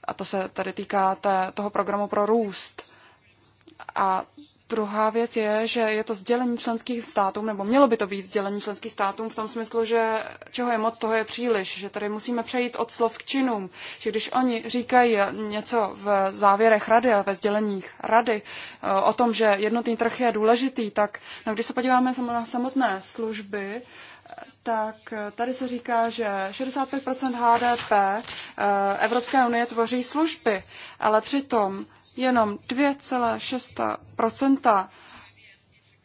a to se tady týká té, toho programu pro růst a Druhá věc je, že je to sdělení členských států, nebo mělo by to být sdělení členských států v tom smyslu, že čeho je moc, toho je příliš, že tady musíme přejít od slov k činům, že když oni říkají něco v závěrech rady a ve sděleních rady eh, o tom, že jednotný trh je důležitý, tak no, když se podíváme na samotné služby, eh, tak eh, tady se říká, že 65 HDP Evropské unie tvoří služby, ale přitom jenom 2,6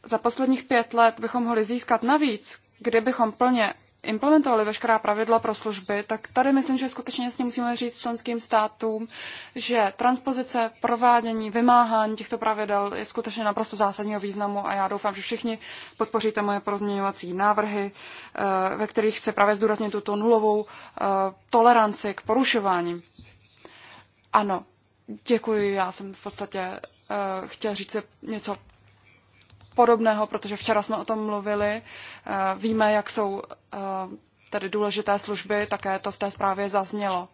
za posledních pět let bychom mohli získat navíc, kdybychom plně implementovali veškerá pravidla pro služby, tak tady myslím, že skutečně jasně musíme říct členským státům, že transpozice, provádění, vymáhání těchto pravidel je skutečně naprosto zásadního významu a já doufám, že všichni podpoříte moje porozměňovací návrhy, eh, ve kterých chci právě zdůraznit tuto nulovou eh, toleranci k porušování. Ano, Děkuji, já jsem v podstatě uh, chtěl říct něco podobného, protože včera jsme o tom mluvili. Uh, víme, jak jsou uh, eh, tady důležité služby, také to v té zprávě zaznělo.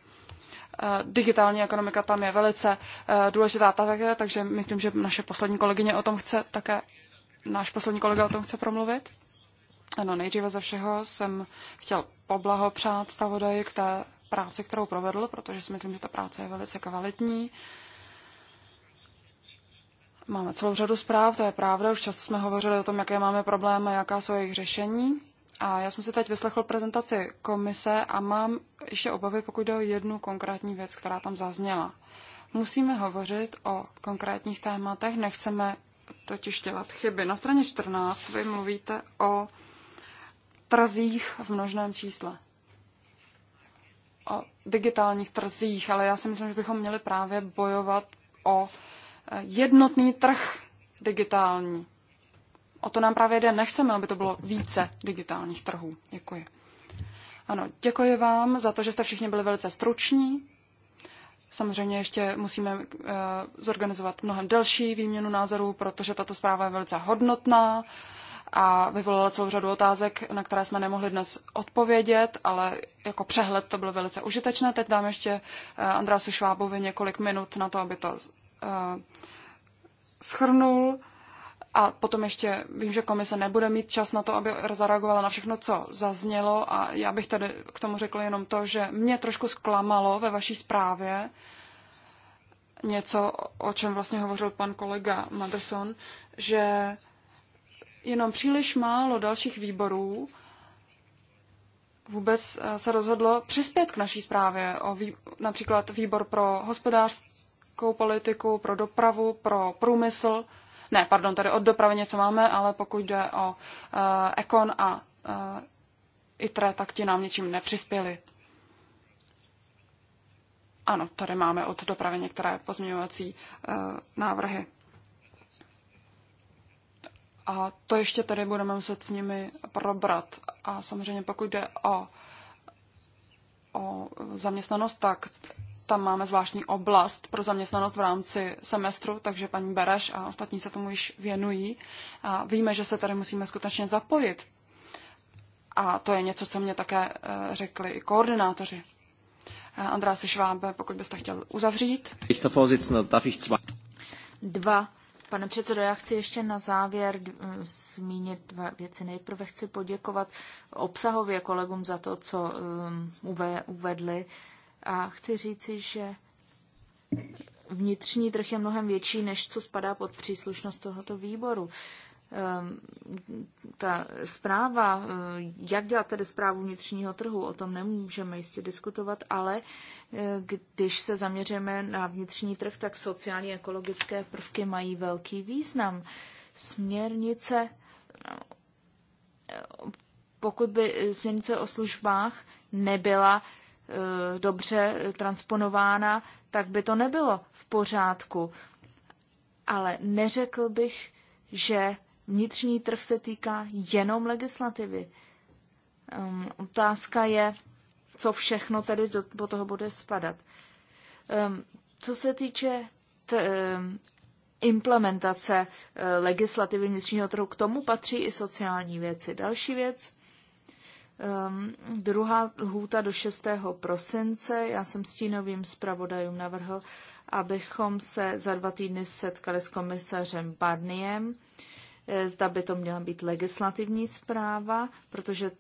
Digitální ekonomika tam je velice důležitá také, takže myslím, že naše poslední kolegyně o tom chce také, náš poslední kolega o tom chce promluvit. Ano, nejdříve ze všeho jsem chtěl poblahopřát zpravodaji k té práci, kterou provedl, protože si myslím, že ta práce je velice kvalitní. Máme celou řadu zpráv, to je pravda, už často jsme hovořili o tom, jaké máme problémy, jaká jsou jejich řešení. A já jsem si teď vyslechl prezentaci komise a mám ještě obavy, pokud jde o jednu konkrétní věc, která tam zazněla. Musíme hovořit o konkrétních tématech, nechceme totiž dělat chyby. Na straně 14 vy mluvíte o trzích v množném čísle o digitálních trzích, ale já si myslím, že bychom měli právě bojovat o eh, jednotný trh digitální. O to nám právě jde. Nechceme, aby to bylo více digitálních trhů. Děkuji. Ano, děkuji vám za to, že jste všichni byli velice struční. Samozřejmě ještě musíme uh, zorganizovat mnohem delší výměnu názorů, protože tato zpráva je velice hodnotná. Uh, a vyvolala celou řadu otázek, na které jsme nemohli dnes odpovědět, ale jako přehled to bylo velice užitečné. Teď dám ještě eh, Andrásu Švábovi několik minut na to, aby to eh, schrnul. A potom ještě vím, že komise nebude mít čas na to, aby zareagovala na všechno, co zaznělo. A já bych tady k tomu řekla jenom to, že mě trošku zklamalo ve vaší zprávě něco, o čem vlastně hovořil pan kolega Maderson, že jenom příliš málo dalších výborů vůbec eh, se rozhodlo přispět k naší zprávě. O vý, například výbor pro hospodářskou politiku, pro dopravu, pro průmysl. Ne, pardon, tady od dopravy něco máme, ale pokud jde o uh, eh, Ekon a uh, ITRE, tak ti nám něčím nepřispěli. Ano, tady máme od dopravy některé pozměňovací uh, návrhy. A to ještě tady budeme muset s nimi probrat. A samozřejmě pokud jde o, o zaměstnanost, tak tam máme zvláštní oblast pro zaměstnanost v rámci semestru, takže paní Bereš a ostatní se tomu již věnují. A víme, že se tady musíme skutečně zapojit. A to je něco, co mě také eh, řekli i koordinátoři. Eh, Andrá Švábe, pokud byste chtěl uzavřít. Dva Pane předsedo, já chci
ještě na závěr eh, zmínit dva věci. Nejprve chci poděkovat obsahově kolegům za to, co eh, uvedli. A chci říci, že vnitřní trh je mnohem větší, než co spadá pod příslušnost tohoto výboru. Ehm, ta zpráva, eh, jak dělat tedy zprávu vnitřního trhu, o tom nemůžeme jistě diskutovat, ale eh, když se zaměříme na vnitřní trh, tak sociální ekologické prvky mají velký význam. Směrnice, eh, pokud by směrnice o službách nebyla dobře transponována, tak by to nebylo v pořádku. Ale neřekl bych, že Vnitřní trh se týká jenom legislativy. Um, otázka je, co všechno tedy do, do toho bude spadat. Um, co se týče t, um, implementace uh, legislativy vnitřního trhu, k tomu patří i sociální věci. Další věc, um, druhá lhůta do 6. prosince, já jsem stínovým zpravodajům navrhl, abychom se za dva týdny setkali s komisařem Barniem. Uh, Eh, zda by to měla být legislativní zpráva, protože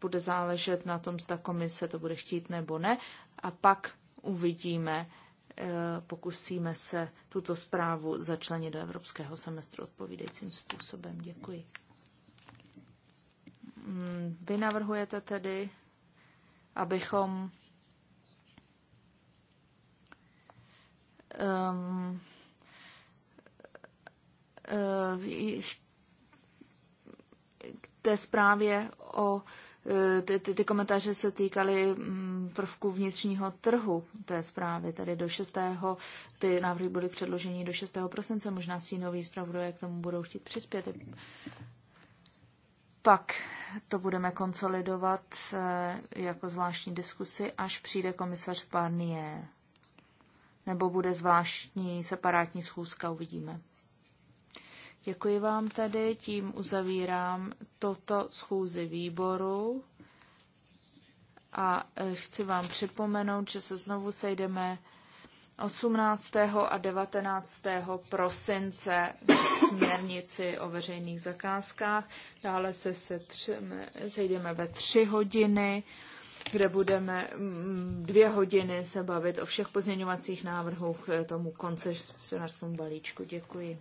bude záležet na tom, zda komise to bude chtít nebo ne. A pak uvidíme, eh, pokusíme se tuto zprávu začlenit do evropského semestru odpovídajícím způsobem. Děkuji. Hmm, vy navrhujete tedy, abychom um, té zprávě o e, ty, ty, ty komentáře se týkaly mm, prvků vnitřního trhu té zprávy, tedy do 6. ty návrhy byly předloženy do 6. prosince, možná stínoví zpravodaje k tomu budou chtít přispět. Pak to budeme konsolidovat e, jako zvláštní diskusy, až přijde komisař Barnier. Nebo bude zvláštní separátní schůzka, uvidíme. Děkuji vám tedy, tím uzavírám toto schůzi výboru a eh, chci vám připomenout, že se znovu sejdeme 18. a 19. prosince směrnici o veřejných zakázkách. Dále se setřeme, sejdeme ve tři hodiny, kde budeme mm, dvě hodiny se bavit o všech pozměňovacích návrhů k tomu koncesionářskému balíčku. Děkuji.